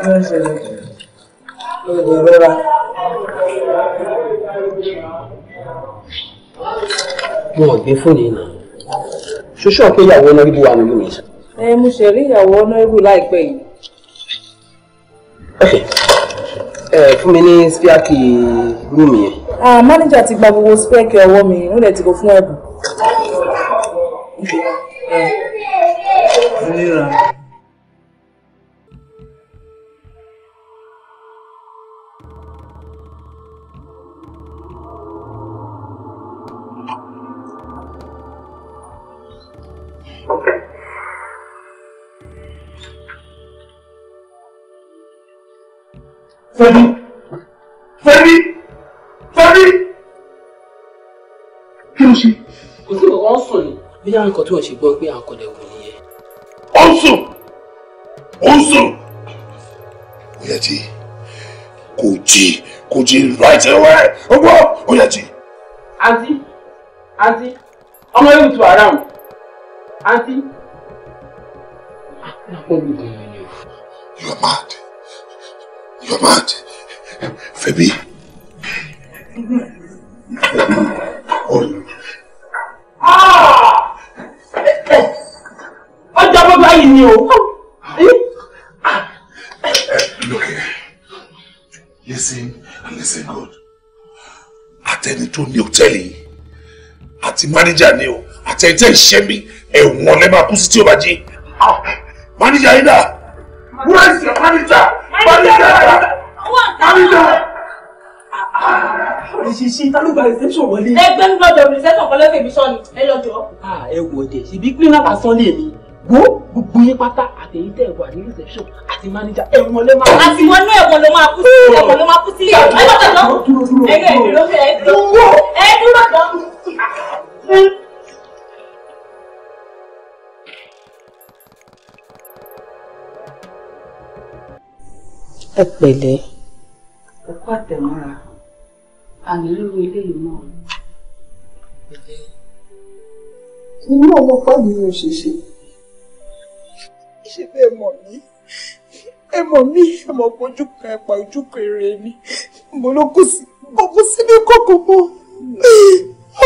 Thank lóde ìrora. wọn ò gbé fóònù yìí náà ṣoṣọ pé ìyàwó ọ̀nà ibu wà nínú mi. ẹ mo ṣe rí ìyàwó ọ̀nà ibu láìpẹ́ yìí. ẹ fún mi ní spíákì rúùmù yẹn. mánéjà ti gba gbogbo spíákì ọwọ́ mi ó lè ti kó fún ẹ̀bùn. Yeah. Femi! Femi! Femi! Kí ló ṣe? Kò sí ọ̀rọ̀ sùn ni. Bí yára nǹkan ṣe gbọ́ pé àkọlẹ̀kùn nìyẹn. Ó ń O O Oyèjì kò jí kò jí right away! Ó Oyèjì. Àǹtí àǹtí ọmọ yóò tu ara hàn. Àǹtí. Ah, you are mad. You're mad. Femi. Hold ah! on. Ọjà bọ́ báyìí ni o. Look here. Listen and listen good. Àtẹni tó ní hòtẹ́ẹ̀lì yìí manager mánéjà ni o àtẹni tẹ́ ń ṣẹ́ mi ẹ̀wọ̀n lẹ́ máa kú sí ah! Where is your manager? Báríkà! Báríkà! Ìṣiṣi ta ló gba reception wọlé? Ẹgbẹ́ ń lọ́jọ́ reception kan lọ́fẹ̀ẹ́ mi sọ́ni, ẹ lọ́jọ́. Ẹ wò dé, ṣèbí cleaner ta sọ́ni èmi. Wo gbogbo yín pátá àtẹ̀yìn tẹ̀ wà ní reception àti manager ẹ̀wọ̀n lè máa kú sí. Àti wọn náà ẹ̀wọ̀n ló máa kú sí, ẹ̀wọ̀n ló máa kú sí. Ẹ lọ́jọ́ lọ. Dúró dúró dúró. Ẹ dúró dúró. Ẹ dúró dúró. ẹ pẹ̀lẹ́. ẹ kú àtẹ̀mọ́ra ànílùú eléyìí náà. inú ọmọ pàdé mi ò ṣe ṣe ṣe bẹ́ẹ̀ mọ̀ mí ẹ mọ̀ mí ẹ mọ̀ pé ojú kan ẹ̀pà ojú kan èrè ni mo ló kù sí mo kù sí ní kókó mọ́.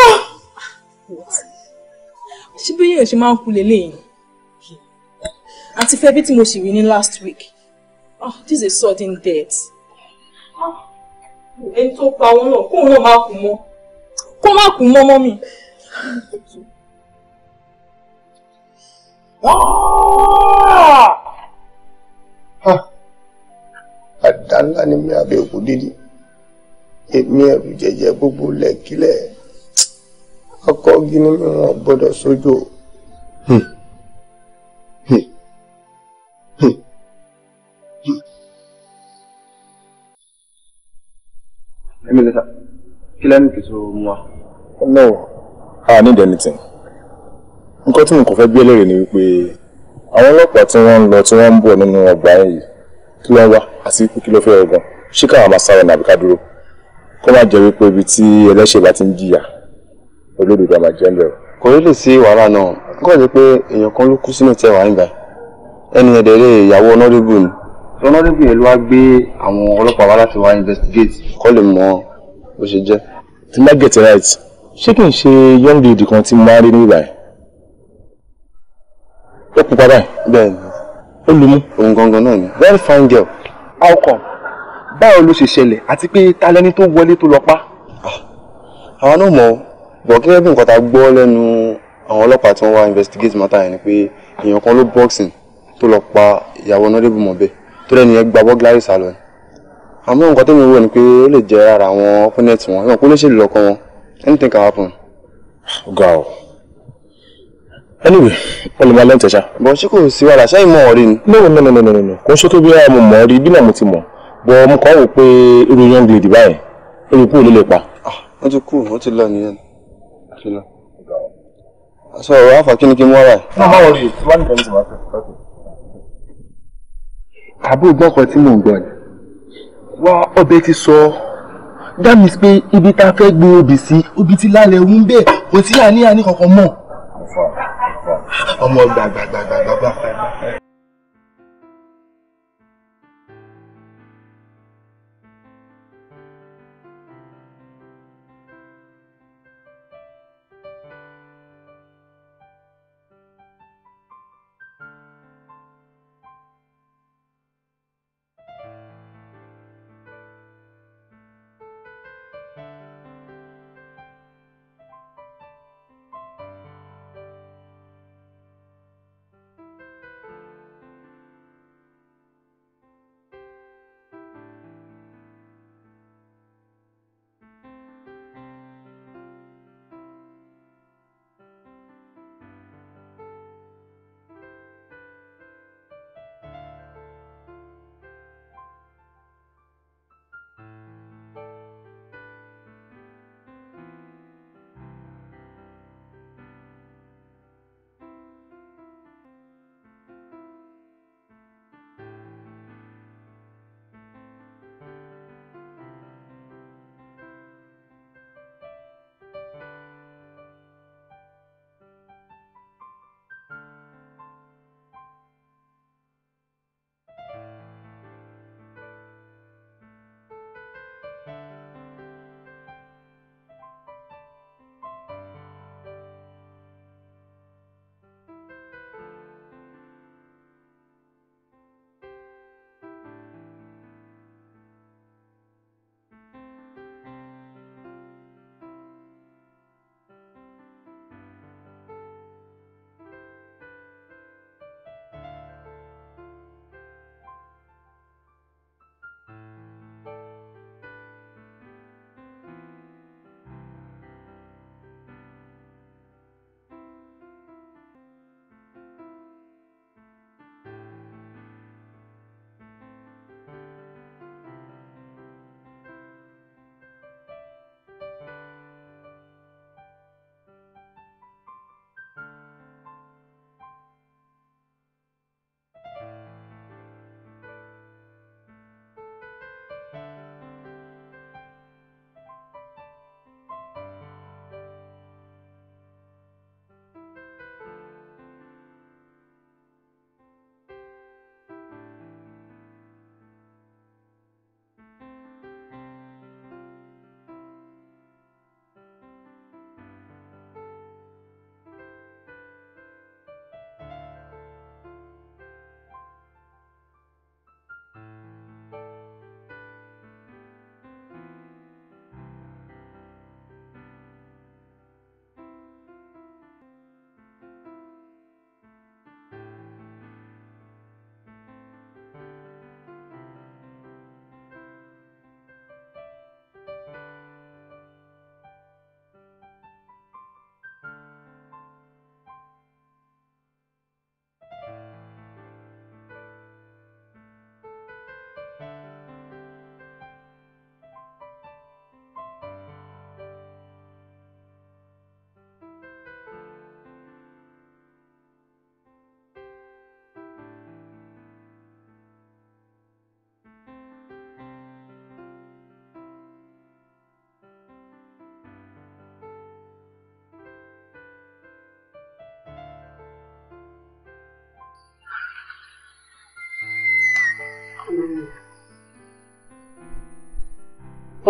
Ah! ṣé bí yẹn ṣe máa ń kú lélẹ́yìn àti fẹ́ bí tí mo sì rí ní last week Oh, this is sudden death. Ah, ẹni tó pa òun náà, kóun náà má kú mọ́. Kó má kú mọ́ mọ́ mi. Ah! Àdá ńlá ni mi àbẹ̀ òkú dídí. Èmi ẹ̀rù jẹjẹ gbogbo lẹ̀kílẹ̀. Ọkọ̀ gíní mi wọn gbọ́dọ̀ sójú. Hmm. Emilisa, kí lẹ́nu kì í tó No, I need anything. Nǹkan tí mo kàn fẹ́ bí ẹlẹ́rìí ni wípé àwọn ọlọ́pàá tí wọ́n ń lọ tí wọ́n ń bọ̀ nínú ọgbà yìí kí ló ń wá àti kí ló fẹ́ ọgbọ̀n ṣé káwọn máa sáré nàbí ká dúró kó má jẹ́ wípé ibi tí ẹlẹ́ṣẹ̀ bá ti ń jìyà olódodo àmà jẹ́ ń bẹ̀rù. kò rí lè sí wàhálà náà nǹkan jẹ́ pé èèyàn kan ló kú sínú tẹ̀wá nígbà ẹni ẹ̀dẹ̀rẹ̀ ìyàwó ọ̀nàdébù ni ọ̀nàdẹ́gbìn yẹn ló wá gbé àwọn ọlọ́pàá wa láti wá investigate kọ́ lè mọ bó ṣe jẹ́. tí n bá get it right ṣé kì í ṣe young lady kan tí mo máa rí ní ìgbà yẹn. ó pupa báyìí. bẹ́ẹ̀ni ó lumú. òun gangan náà ni well fine girl. how come báwo ló ṣe ṣẹlẹ̀ àti pé ta lẹni tó wọlé tó lọ pa. Ah. àwọn náà mọ̀ bọ̀ kí ẹbí nǹkan ta gbọ́ lẹ́nu àwọn ọlọ́pàá tí wọ́n wá investigate matter yẹn ni pé èèyàn kan ló boxing tó lọ pa ìyàwó ọ̀nàdẹ́gbìn mọ̀ bẹ́ẹ̀ tó lẹ́nu yẹn gba bọ́gláì sálọ ni àmọ́ nǹkan tẹ́mi wò ni pé ó lè jẹ́ ara àwọn opponent wọn ìwọ̀n kó lè ṣèlú ọkọ wọn anything can happen. ọgá o anyway wọn lè máa lẹ́ǹtẹ̀ ṣá. bọ̀ ṣé kò sí wàhálà ṣáà ìmọ̀ ọ̀rí ni. no no no no no no kò ń ṣe tó bí mo mọ̀ ọ́ rí bí náà mo ti mọ̀ bọ̀ mo kàn wò pé irú young lady báyìí irú kúrò ló lè pa. Ah, wọ́n ti kú wọ́n ti lọ nìyẹn ti lọ. sọ ọ̀rọ̀ àfà kí ni kí n wá rà. máa wọlé tí wọ́n á nìkan ní tòmátì àbúrò gbọ́n kan tí mò ń gbọ́ ni wá ọbẹ̀ ti sọ that means pé ibi tá a fẹ́ gbé obì sí obì ti lálẹ́ ń bẹ̀ kò tí àní àní kankan mọ̀ ọmọ gbàgbàgbàgbàgbà.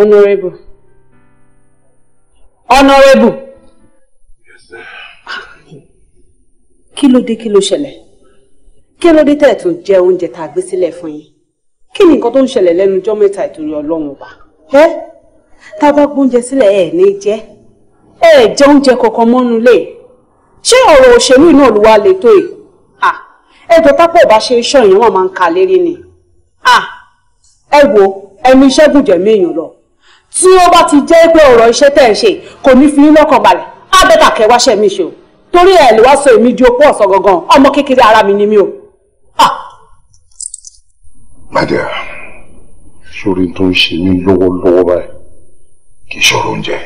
Honorable. Honorable. Yes, sir. Kí ló dé kí ló ṣẹlẹ̀? Kí ló dé tẹ̀ tún jẹ oúnjẹ tá a gbé sílẹ̀ fún yín? Kí ni nǹkan tó ń ṣẹlẹ̀ lẹ́nu ọjọ́ mẹ́ta ìtorí Ọlọ́run ọba? Ẹ́ tá a bá gbóúnjẹ sílẹ̀ ẹ̀ ní jẹ́. Ẹ jẹ oúnjẹ kankan mọ́nu lè. Ṣé ọ̀rọ̀ òṣèlú náà ló wá le tó yìí? Ẹ̀jọ̀ tápọ̀ ìbá ṣe iṣẹ́ èèyàn máa ń ka lérí ni. Ẹ wo ẹnu iṣẹ́ gùn jẹ̀mí èèyàn lọ tí ó bá ti jẹ́ pé ọ̀rọ̀ iṣẹ́ tẹ̀ ṣe kò ní fi yín lọ́kàn balẹ̀ á bẹ́tà kẹ́ mi ṣe o torí ẹ̀ lè wá sọ èmi di opó ọ̀sán gangan ọmọ kékeré ara mi ni mí o. my dear sórí tó ń ṣe mí lọ́wọ́lọ́wọ́ báyìí kì í ṣọ̀rọ̀ oúnjẹ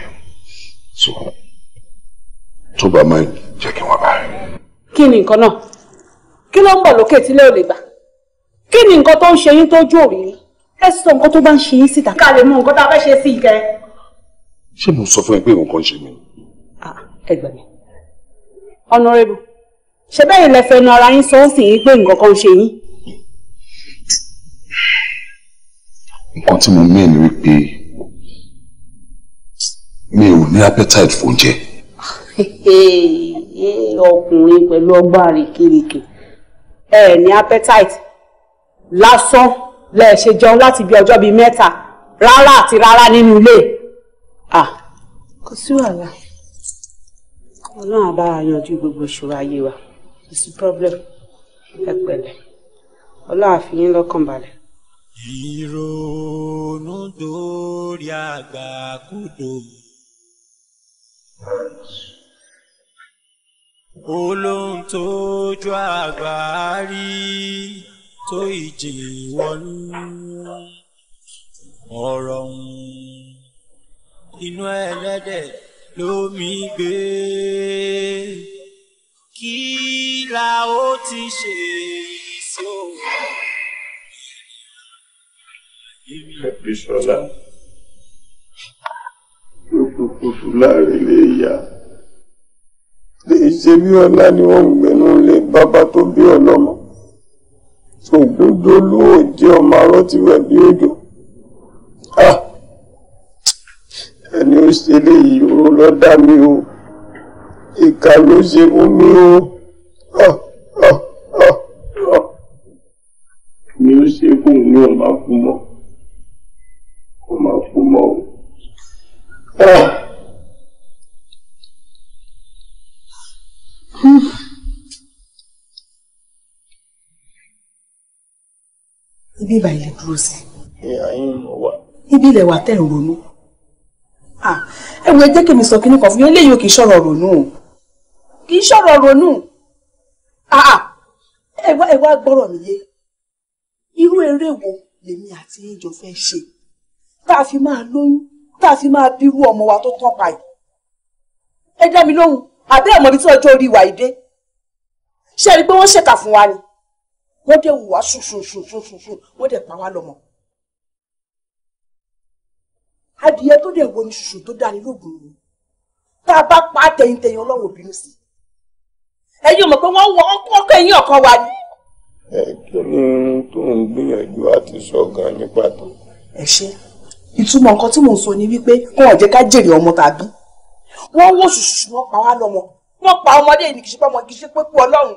so tó bá máa jẹ́ kí wọ́n bá rí. kí ni nǹkan náà kí ló ń bọ̀ lókè tí lè ò lè gbà kí ni nǹkan tó ń ṣe yín tó jó òrìrì ẹ sọ nǹkan tó bá ń ṣe yín síta ká lè mọ nǹkan tá a fẹ́ ṣe sí i kẹ. ṣé mo sọ fún ẹ pé nǹkan ṣe mí. ẹ gbà mí ọ̀nàrẹ́bù ṣe bẹ́ẹ̀ lẹ fẹnu ara yín sọ sí yín pé nǹkan kan ṣe yín. nǹkan tí mo mẹ́ẹ̀ ni wípé mi ò ní appetite fún oúnjẹ. ọkùnrin pẹ̀lú ọgbà rìkìrìkì ẹ ní appetite lásán lẹ ṣe jọun láti bí ọjọ́ bíi mẹ́ta rárá àti rárá nínú ilé kò sí wàhálà ọlọ́run àbá yanjú gbogbo ìṣòro ayé wa kò sí problem ẹ pẹ̀lẹ́ ọlọ́run á fi yín lọ́kàn balẹ̀. ìrònú dórí àgbà kúdò olóhùn tó ju àgbà rí tó ìjì wọlú ọ̀rọ̀ ń inú ẹlẹ́dẹ̀ lómi gbé kí la ó ti ṣe sí òun. Ẹ̀bísọ́lá lókùnkùnkùn láàrin lè yá. Lè ṣe bí ọlá ni wọ́n gbẹnu lé bàbá tó bí ọlọ́mọ òdodo ló jẹ́ ọmọ arọ́ tí wẹ̀ bí òjò ah! ẹni ó ṣe léyìí oró lọ dá mi o ìka ló ṣe mú mi o ah! ah! ni ó ṣe fún mi ò fún mọ́ ò fún mọ́ o. ibi ìbà ilẹ̀ dúró sí. ibi ilẹ̀ wà tẹ̀ ń ronú. ẹ wo ẹ sọ kíní kan fún yín eléyìí ò kì í ṣọ̀rọ̀ ronú o kì í ṣọ̀rọ̀ ronú. ẹ wá gbọ́rọ̀ mi yé irú eré wo lèmi àti ìjọ fẹ́ ṣe tá a fi máa lóyún tá a fi máa bírú ọmọ wa tó tán pa yìí. ẹ dá mi lóhùn àbẹ́ ẹ̀mọ́bi tí ọjọ́ orí wa yìí dé ṣé rí i pé wọ́n ṣèkà fún wa ni wọ́n dẹ̀ wù wá ṣùṣùṣùṣùṣùṣù wọ́n dẹ̀ pa wá lọ́mọ. adìyẹ tó dẹ̀ wo ni ṣùṣù tó dání lóògùn ni tá a bá pa tẹ̀yìntẹ̀yìn ọlọ́wọ́ bínú sí i. ẹ̀yin mọ̀ pé wọ́n wọ ọkọ ẹ̀yìn ọ̀kan wa ni. ẹ kí ni tó ń gbìyànjú àti sọ gan ní pàtó. ẹ ṣe ìtumọ̀ nǹkan tí mò ń sọ ni wípé kí wọ́n jẹ́ ká jèrè ọmọ tàbí wọ́n wò ṣùṣùṣù wọ́n pa wá lọ́mọ wọ́n pa ọmọdé ní kìí ṣe pé ọmọ kìí ṣe pé kú ọlọ́run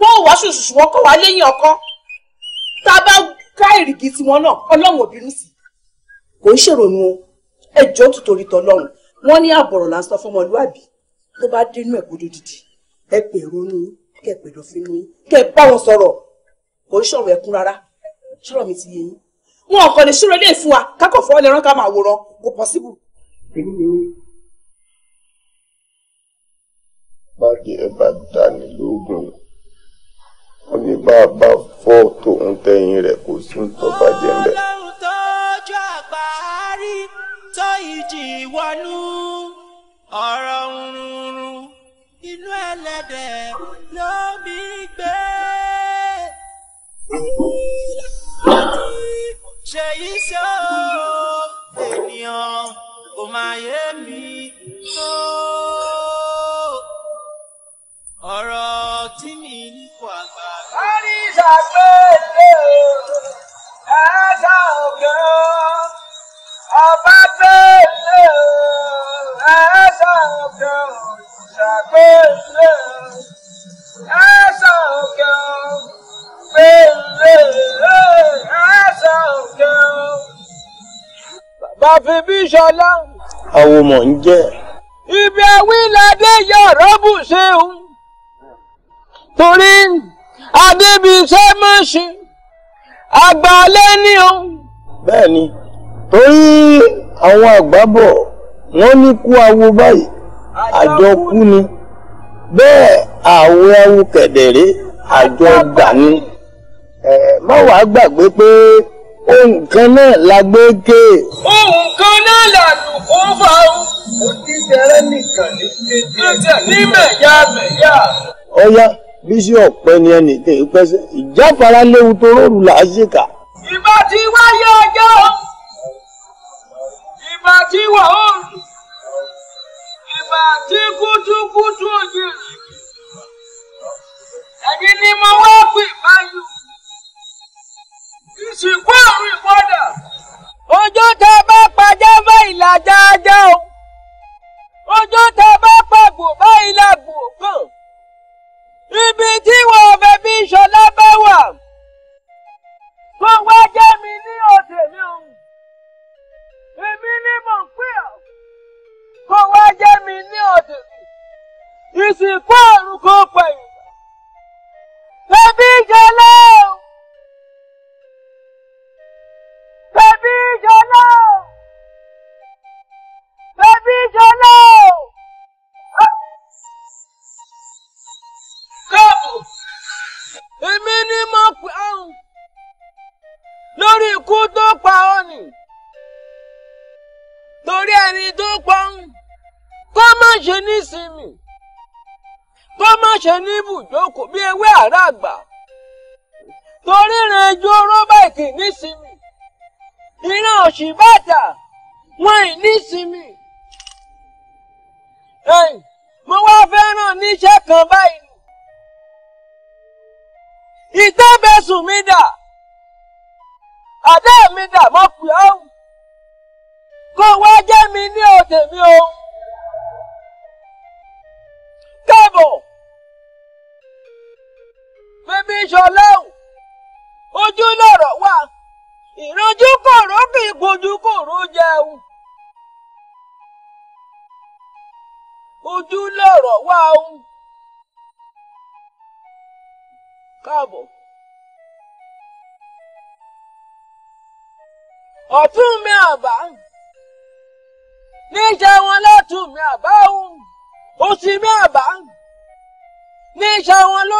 wọ́n wá ṣùṣùṣù wọn kọ́ wá lẹ́yìn ọkàn tá a bá ká ìrìgì tiwọn náà ọlọ́run ò bínú sí kò ń ṣèrònú o ẹjọ́ tìtorí tọlọ́run wọ́n ní àbọ̀rọ̀ là ń sọ fọmọlúàbí tó bá dínú ẹ̀ kódó dìdì ẹ pè ronú kẹ pè lọ fínú kẹ bá wọn sọ̀rọ̀ kò ń sọ̀rọ̀ ẹkún rárá ṣọ̀rọ̀ mi ti yé yín wọn kàn lè ṣúrẹ́ lè fún wa kákò fọ́ lẹ́rán ká máa wòran kò pọ́síbù. èmi ni báàgì ẹ bá dání wọ́n ní bá a bá fọ́ tòun tẹ̀yìn rẹ̀ kò sí ń tọ́ bàjẹ́ ń bẹ̀. ọlọ́run tọ́jú àgbáárí tó ìjì wọnú ọ̀rọ̀ rúnrún inú ẹlẹ́dẹ̀ ló bí gbé. ṣe yìí ṣe ó ènìyàn kò máa yé mi tó. gbẹ́dẹ̀ ẹ̀dá òkè ọba gbẹ́dẹ̀ ẹ̀dá òkè ṣàgbẹ́dẹ̀ ẹ̀dá òkè gbẹ́dẹ̀ ẹ̀dá òkè. bàbá fi bí ṣọlá. àwọn ọmọ ń jẹ. ibi ẹwí ládé yọ̀rọ̀ bù ṣeun torí adébíṣẹ́ má ṣe àgbàlẹ́ ni o. bẹ́ẹ̀ ni torí àwọn àgbà wọ́n ní kú awo báyìí àjọkú ni bẹ́ẹ̀ àwo awo kẹ̀dẹ̀rẹ́ àjọ gbà ni má wàá gbàgbé pé ohun kan náà la gbé ké. ohun kan náà làlùkò bá o. mo ti tẹrẹ nìkan ní kéde. ní mẹ̀yà ọ̀ya bísí ọ̀pẹ ni ẹnì tẹ̀ ẹ́ pẹ́sẹ́ ìjáfara léwu tó rọrù là á ìbá tí wáyé ọjọ́ ìbá tí wọ̀ ọ́ ìbá tí kútúkútú yìí.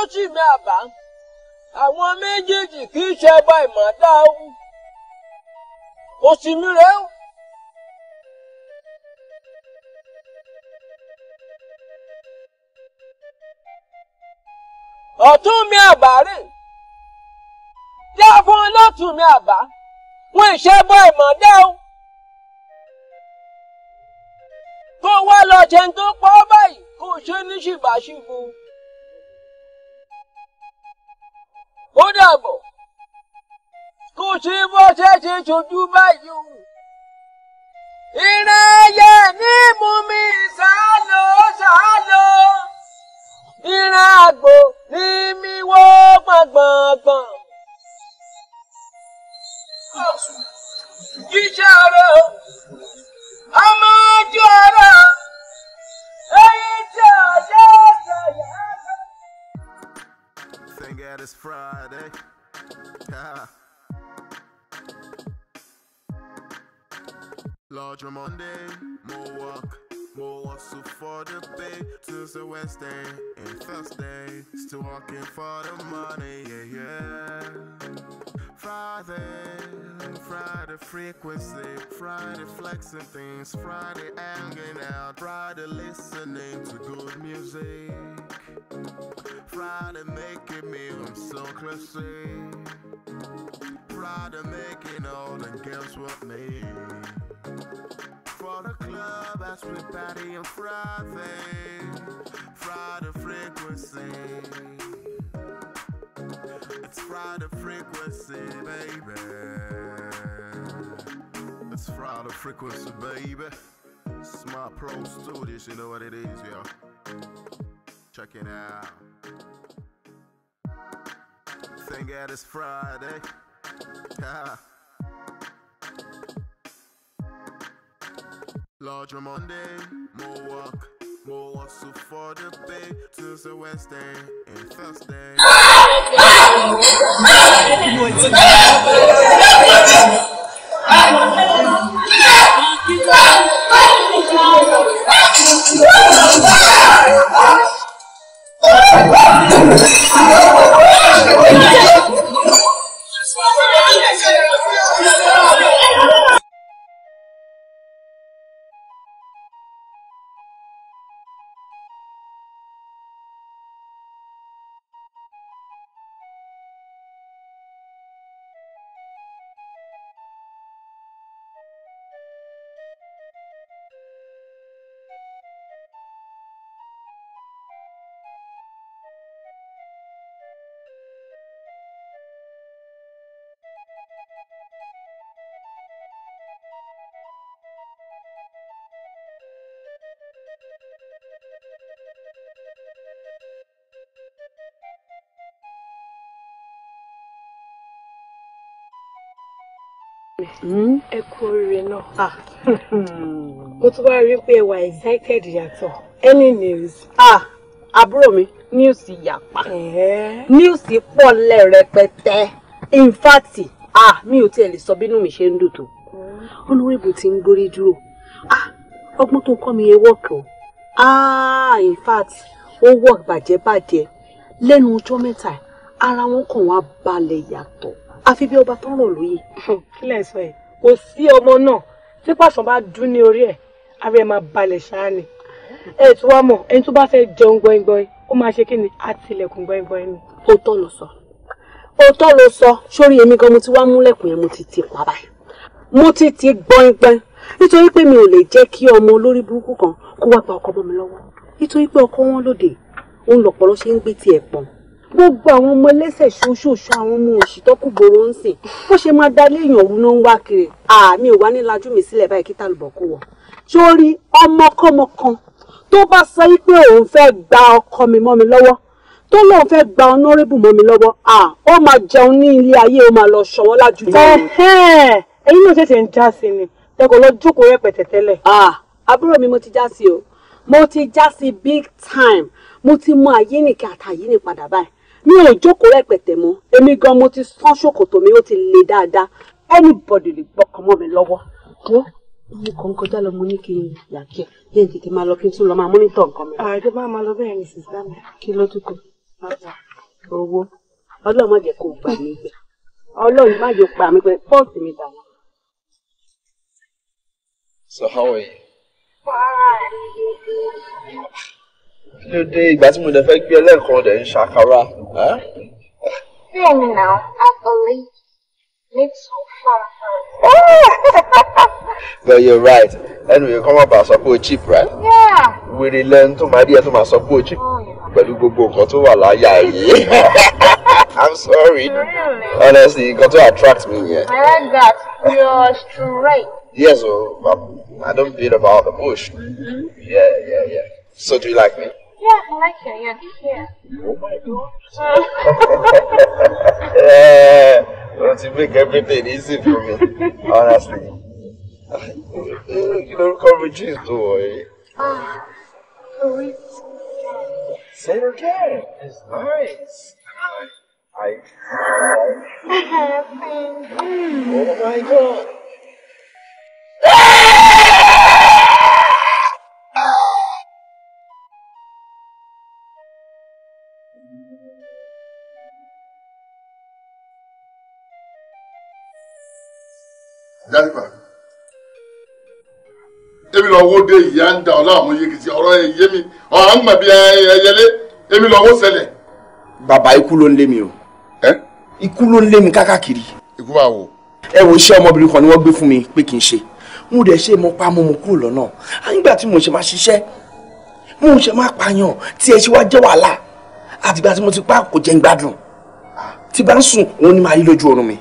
olóṣìmí àbá àwọn méjèèjì kì í ṣe ọba ìmọ̀ọ́dá ọ̀hún òṣìmí rẹ̀ ó. ọ̀tún mi àbá rè já fún ọlọ́tún mi àbá wọn ìṣẹ́bọ ìmọ̀ọ́dá ọ̀hún. kó wá lọ jẹun tó pọ̀ báyìí kó ṣe ní ṣìbáṣìbu. ó dàbọ̀ kò sí bó ṣe ṣe ṣojú báyìí o. ìrẹ̀yẹ ní mú mi sálọ sálọ ìran àgbò ní mi wó gbọ̀ngbọ̀ngbọ̀n. Iṣẹ́ ọ̀rọ̀ ọmọ ojú ọ̀rọ̀. Yeah, it's Friday. Larger Monday, more work, more hustle for the pay. Tuesday, Wednesday, and Thursday, still working for the money, yeah, yeah. Friday, Friday frequency, Friday flexing things, Friday hanging out, Friday listening to good music. Pride of making me, I'm so classy. Pride of making all the girls want me. For the club, I split patty on Friday. Friday frequency. It's Friday frequency, baby. It's Friday frequency, baby. Smart Pro Studios, you know what it is, yo. Check it out thank God it's Friday. Larger Monday, more work, more work so for the day, Tuesday, Wednesday, and Thursday. Ah. mo tún wá rí pé ẹwà excited yàtọ̀ any news. ah àbúrò mi news yàpá eh? news pọ̀ lẹ́rẹpẹtẹ in fact ah mi ò tiẹ̀ lè sọ bínú mi ṣe ń dùn tó olúwèbù oh. ti ń gbórí dúró ah ọgbọ́n tó ń kọ́ mi yẹn work o ah in fact ó work bàjẹ́ bàjẹ́ lẹ́nu ọjọ́ mẹ́ta ara wọn kàn wá balẹ̀ yàtọ̀ àfi bí ọba tó ń rò lóye. kí lẹ sọ ẹ kò sí ọmọ náà tí pàṣán bá dún ní orí ẹ̀ ara ẹ̀ máa balẹ̀ ṣáá ni ẹ tí wàá mọ̀ ẹni tó bá fẹ́ jẹun gbọ̀ngbọ̀n ó máa ṣe kí ni àtìlẹ̀kùn gbọ̀ngbọ̀n ni. ó tọ́ ló sọ ó tọ́ ló sọ sórí èmi gan mo ti wá múlẹ̀kùn yẹn mo ti ti pa báyìí mo ti ti gbọ̀ngbọ̀n nítorí pé mi ò lè jẹ́ kí ọmọ olórí burúkú kan kó wá gba ọkọ mọ́ mi lọ́wọ́ nítorí pé ọkọ wọn lóde òun lọ̀pọ̀lọ́ ṣe ń gbé tiẹ̀ pọ̀n gbogbo àwọn ọmọ ẹlẹ́sẹ̀ ṣoṣooṣo àwọn ọmọ òṣì tó kù gbòòrò ń sìn bó ṣe máa dá léèyàn òru náà ń wá kiri àmì ò wá ní lajú mi sílẹ̀ báyìí kí tàlùbọ̀ kó wọ̀ sórí ọmọkọ́mọ kan tó bá sọ pé òun fẹ́ gba ọkọ mi mọ́ mi lọ́wọ́ tó lóun fẹ́ gba ọ̀nọ́rẹ́bù mọ́ mi lọ́wọ́ ó máa jẹun ní ilé ayé ó máa lọ ṣọwọ́ lájú mi. ẹ̀yin náà ṣẹ̀ṣẹ̀ ń já sí ni ẹ kò lọ jókòó big time mo ti mọ àyíníkẹ́ àtàyíní padà báyìí mi ò jókòó rẹpẹtẹ mọ́ èmi gan mo ti sán ṣòkòtò mi ó ti le dáadáa anybody lè gbọ́kàn mọ́ mi lọ́wọ́ tó mo kàn kọjá lọ mo ní kí n yà kí ẹ yẹn tètè máa lọ kí n tún lọ máa mọ́nítọ̀ nǹkan mi. àìjọ máa máa lọ bẹ́ẹ̀ ni sísá mi. kí ló tún kọ owó ọlọ́run má jẹ́ kó gbà mí gbẹ ọlọ́run má jẹ́ gbà mí gbẹ pọ́ọ̀sì mi dà wọ́n. So how are you? Fine kí ló dé ìgbà tí mo dẹ̀ fẹ́ gbé ẹlẹ́ẹ̀kan dẹ̀ ń ṣàkàrà. Hear me now, I believe need to farm But you're right. Anyway, kọ́ come up sọ pé o cheap, right? Yeah. We tó máa rí ẹ tó máa sọ pé o cheap oh, pẹ̀lú gbogbo nǹkan tó wà láyà yìí. I'm sorry. Really? Honestly, nǹkan to attract me yẹn. I like that. You're straight. Yes, well, oh, I'm, I don't beat about the bush. Mm-hmm. Yeah, yeah, yeah. So do you like me? Yeah, I like it. Yeah, yeah. Oh my god. Don't you make everything easy for me, honestly. you don't call me cheese boy. Ah, oh, it's Say it again. It's nice. I. I. been. oh my god. kálífà èmi lọ wo dé ìyá ń da ọlọ́wọ́ àwọn yékìtì ọ̀rọ̀ ẹ̀ yé mi ọ̀hán mọ̀ bí ẹyẹlé èmi lọ wo ṣẹlẹ̀. bàbá ikú ló ń lé mi o ikú ló ń lé mi kákàkiri. ikú bá wò. ẹ wo iṣẹ́ ọmọbìnrin kan ni wọ́n gbé fún mi pé kí n ṣe mo dẹ̀ ṣe mo pa mo mo kúrò lọ́nà nígbà tí mo ṣe máa ṣiṣẹ́ mo ṣe máa pààyàn tí ẹ ṣe wá jẹ́ wàhálà àtìgbà tí mo ti pa kò jẹ́ ń gbádùn tí bá ń sùn òun ni màá rí lójú oorun mi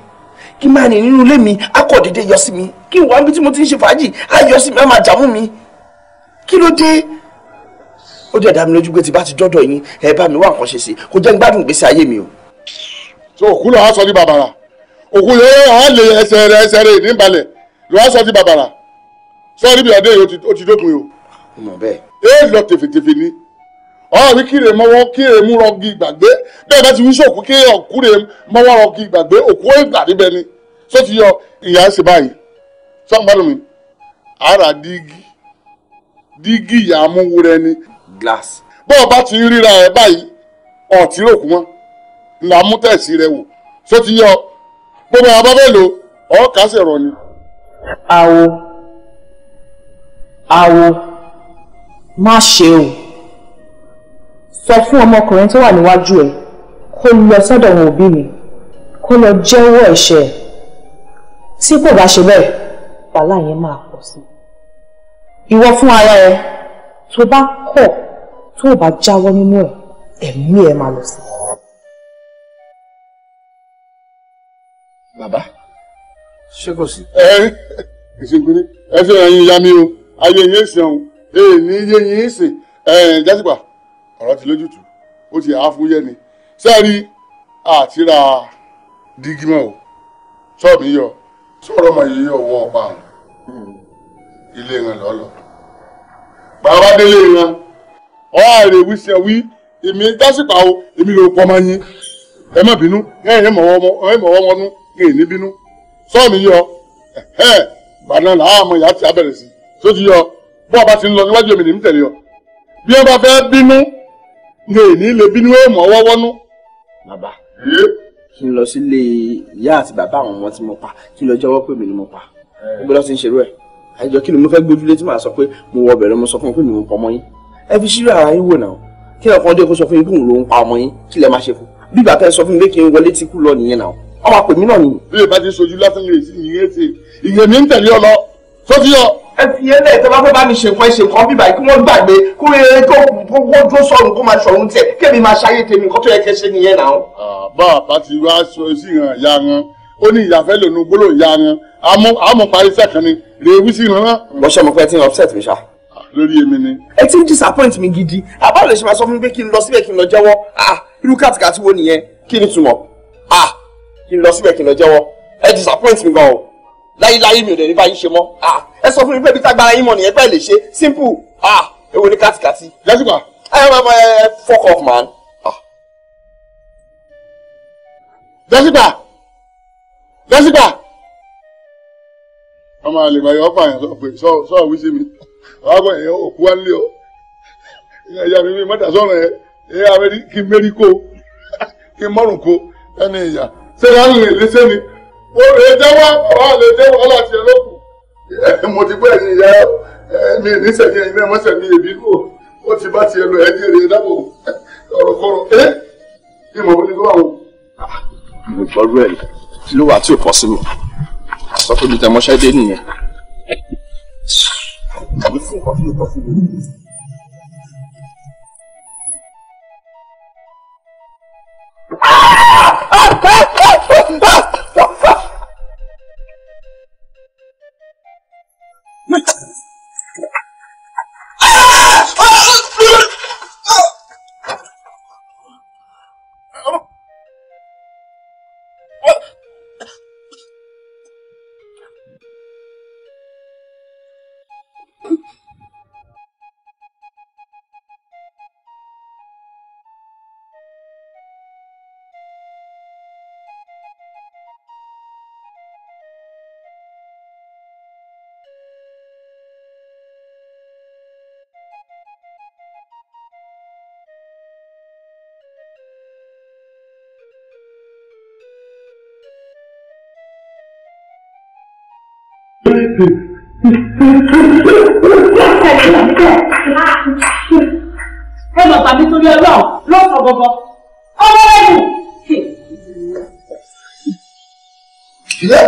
kí n máa rìn nínú ilé mi á kọ̀ déédéé yọ sí mi kí n wá níbi tí mo ti ń ṣe fàájì á yọ sí mi á máa jàmú mi kí ló dé ó dẹ̀ dá mi lójú pé tí bá ti dọ́dọ̀ yín ẹ bá mi wá nǹkan ṣe sí kó jẹ́ n gbádùn ìgbésí ayé mi o. tó òkú lọ́wọ́ sọ ní bàbàrà òkú lè hàn lè ẹsẹ̀ rẹ ẹsẹ̀ rẹ ìdínbalẹ̀ lọ́wọ́ sọ ní bàbàrà sọ níbi ọdẹ yìí ó ti dókun o. mo mọ̀ ẹ lọ tèfètèfè ni ọ̀rí kíre mọ́wọ́ kíre mú rọgì gbàgbé bẹ́ẹ̀ bá ti wí sóòkú kí ọ̀kúre mọ́wọ́ rọgì gbàgbé òkú ìgbà níbẹ̀ ni só ti yọ ìyá ṣe báyìí sọ́ǹgbọ́dọ̀ mi ara dígí dígí ìyá amúwúrẹ́ ni glass bọ́ọ̀ bá ti ríra ẹ̀ báyìí ọ̀tí ròkú mọ́ ńlá mú tẹ̀sí rẹ wò só ti yọ gbogbo àwọn bá bẹ́ẹ̀ lò ọ́ kásẹ̀ rọ ni. àwo àwo má ṣe o sọ fún ọmọkùnrin tó wà níwájú ẹ kó lọ sọ́dọ̀ àwọn òbí mi kó lọ jẹ́wọ́ ẹ̀ṣẹ̀ ẹ̀ tí kò bá ṣe bẹ́ẹ̀ wàhálà yẹn máa pọ̀ sí i ìwọ fún ara ẹ tó bá kọ̀ tó bá jáwọ́ nínú ẹ̀ ẹ̀mí ẹ̀ máa lọ sí i. bàbá ṣé kò sí. ẹ ìsìnkúni ẹ fi hàn yín ya mi o ayé yín sìn èèní yé yín sìn ẹ̀ jásìpà ọ̀rọ̀ ti lójútùú ó ti àáfúyẹ́ ni sẹ́ẹ̀rí àtìrà dígímọ̀ o ṣọ́ọ̀bù yọ sọ̀rọ̀ ọmọ yìí yọ wọ ọ̀pá àwọn ilé ìran lọ́lọ́ bàbá délé ìran ọ̀hún àrè wíṣẹ̀ wí èmi dásìkò àwọn èmi ló pọ̀ máa yín ẹ má bínú ẹ ẹ mọ̀ ọwọ́ ọmọnú ẹ ní bínú sọ́ọ̀mù yọ bàdàn làwọn ọmọ ìyá ti abẹ̀rẹ̀ sí tó ti yọ bọ́ọ̀ bá ti ń lọ níwájú èmi ní tẹ̀lé ọ bí wọn bá fẹ́ bínú mi ò ní lè bínú èèmọ̀ wọ́wọ́nú. bàbá kí n lọ sílé ìyá àti bàbá àwọn ọmọ tí mo pa kí n lọ jẹ́wọ́ pé mi ni mo pa gbogbo lọ́sìn ṣerú ẹ̀ àjọ kí ni mo fẹ́ gbójúlé tí màá sọ pé mo wọ bẹ̀rẹ̀ mo sọ fún un pé mi ò pa ọmọ yín ẹ fi ṣírò ara yín wò náà kí ẹ kàn dé kó sọ fún yín pé òun ló ń pa ọmọ yín kí lẹ máa ṣe fún bí bàtà ẹ sọ fún mi pé kí n wọlé tí kú lọ nìyẹn náà ọmọ àpèmí náà nìyẹn. bí ìbá ti sojú lásán lè sí ìyẹn ṣe ìyẹn mi ń tẹ̀lé ọ lọ sọ́tí ẹ fi ẹlẹ́ ìtọ́ bá fẹ́ bá mi ṣe nǹkan ṣe nǹkan bíbá kí wọ́n gbàgbé kó rere tó wọ́n dúró sọ̀rùn kó máa ṣọ̀rùn tiẹ̀ kébi máa ṣayé tèmi nǹkan tó yẹ kẹ́ nìyẹn náà. bá a bá ti wá sọ sí ìhàn ìyá wọn ó ní ìyàfẹ́ lòun gbólóhùn ìyá wọn àmọ́ parí sẹ́kàn ni rèé wí sí ìhàn náà. wọ́n ṣe mọ̀ pé ẹ ti ń upset mi ṣá lórí èmi ni. ẹ ti ń disappoint mi gidi àbá lè ṣe máa sọ fún mi pé kí n lọ síbẹ̀ kí n lọ jẹ́wọ́ ah irú kàtìkàtì wo nìyẹn kí ni túmọ̀ ah kí n lọ síbẹ̀ kí n lọ jẹ́wọ́ ẹ disappoint mi gan o láyéláyé mi ò dẹ̀ ní báyìí ṣe mọ́ ah ẹ sọ fún mi pé bí tágbára yín mọ̀ nìyẹn pẹ́ lè ṣe simple ah èwo ni kátikàti. lẹ́sùpà. ẹ máa ma ẹ fọk ọf man. lẹ́sùpà lẹ́sùpà. ọmọ àlè bàyọ̀ ọ̀pá yẹn sọ pé sọ wí sí mi wàá gbọ́ ẹ̀yọ́ òkú wa nílé o ìyá ìyá mi mi mọ́tà sọ̀rọ̀ ẹ̀ ẹ̀ abẹ́rí kí n mérí kó kí n mọ́rùn kó ẹni ìyá ṣé ìyá ń lè léṣe ni. ó lè jẹ́wọ́ ọ̀rọ̀ lè jẹ́wọ́ ọlọ́ọ̀tì ẹ̀ mo ti gbọ́ ẹ̀yìn ìyá mi nísẹ̀yìn ẹ̀yìn náà mọ́sẹ̀ mi èbí kò ó ti bá tiẹ̀ lọ ẹ̀ ní èrè dábò ọ̀rọ̀ kọ́rọ̀ ẹ́ ní ìmọ̀ wọlé ló wà wọ́n. mo gbọ́ rẹ̀ ló wà tí ò pọ̀ sí mi sọ pé mi tẹ mọ́ṣẹ́ dé nìyẹn. Ah! gbọgbọ ọmọ ẹ̀dùn. Hm. ilé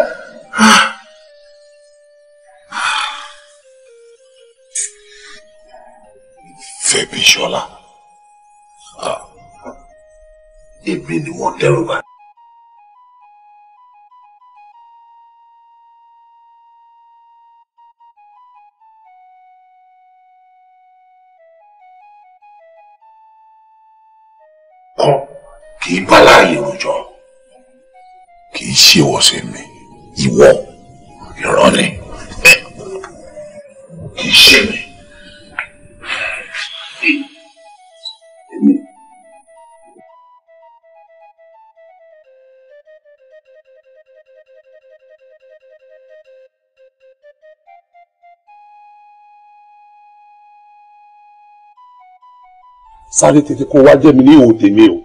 sáré tètè kó wá jẹ́ ní ìhò tèmi o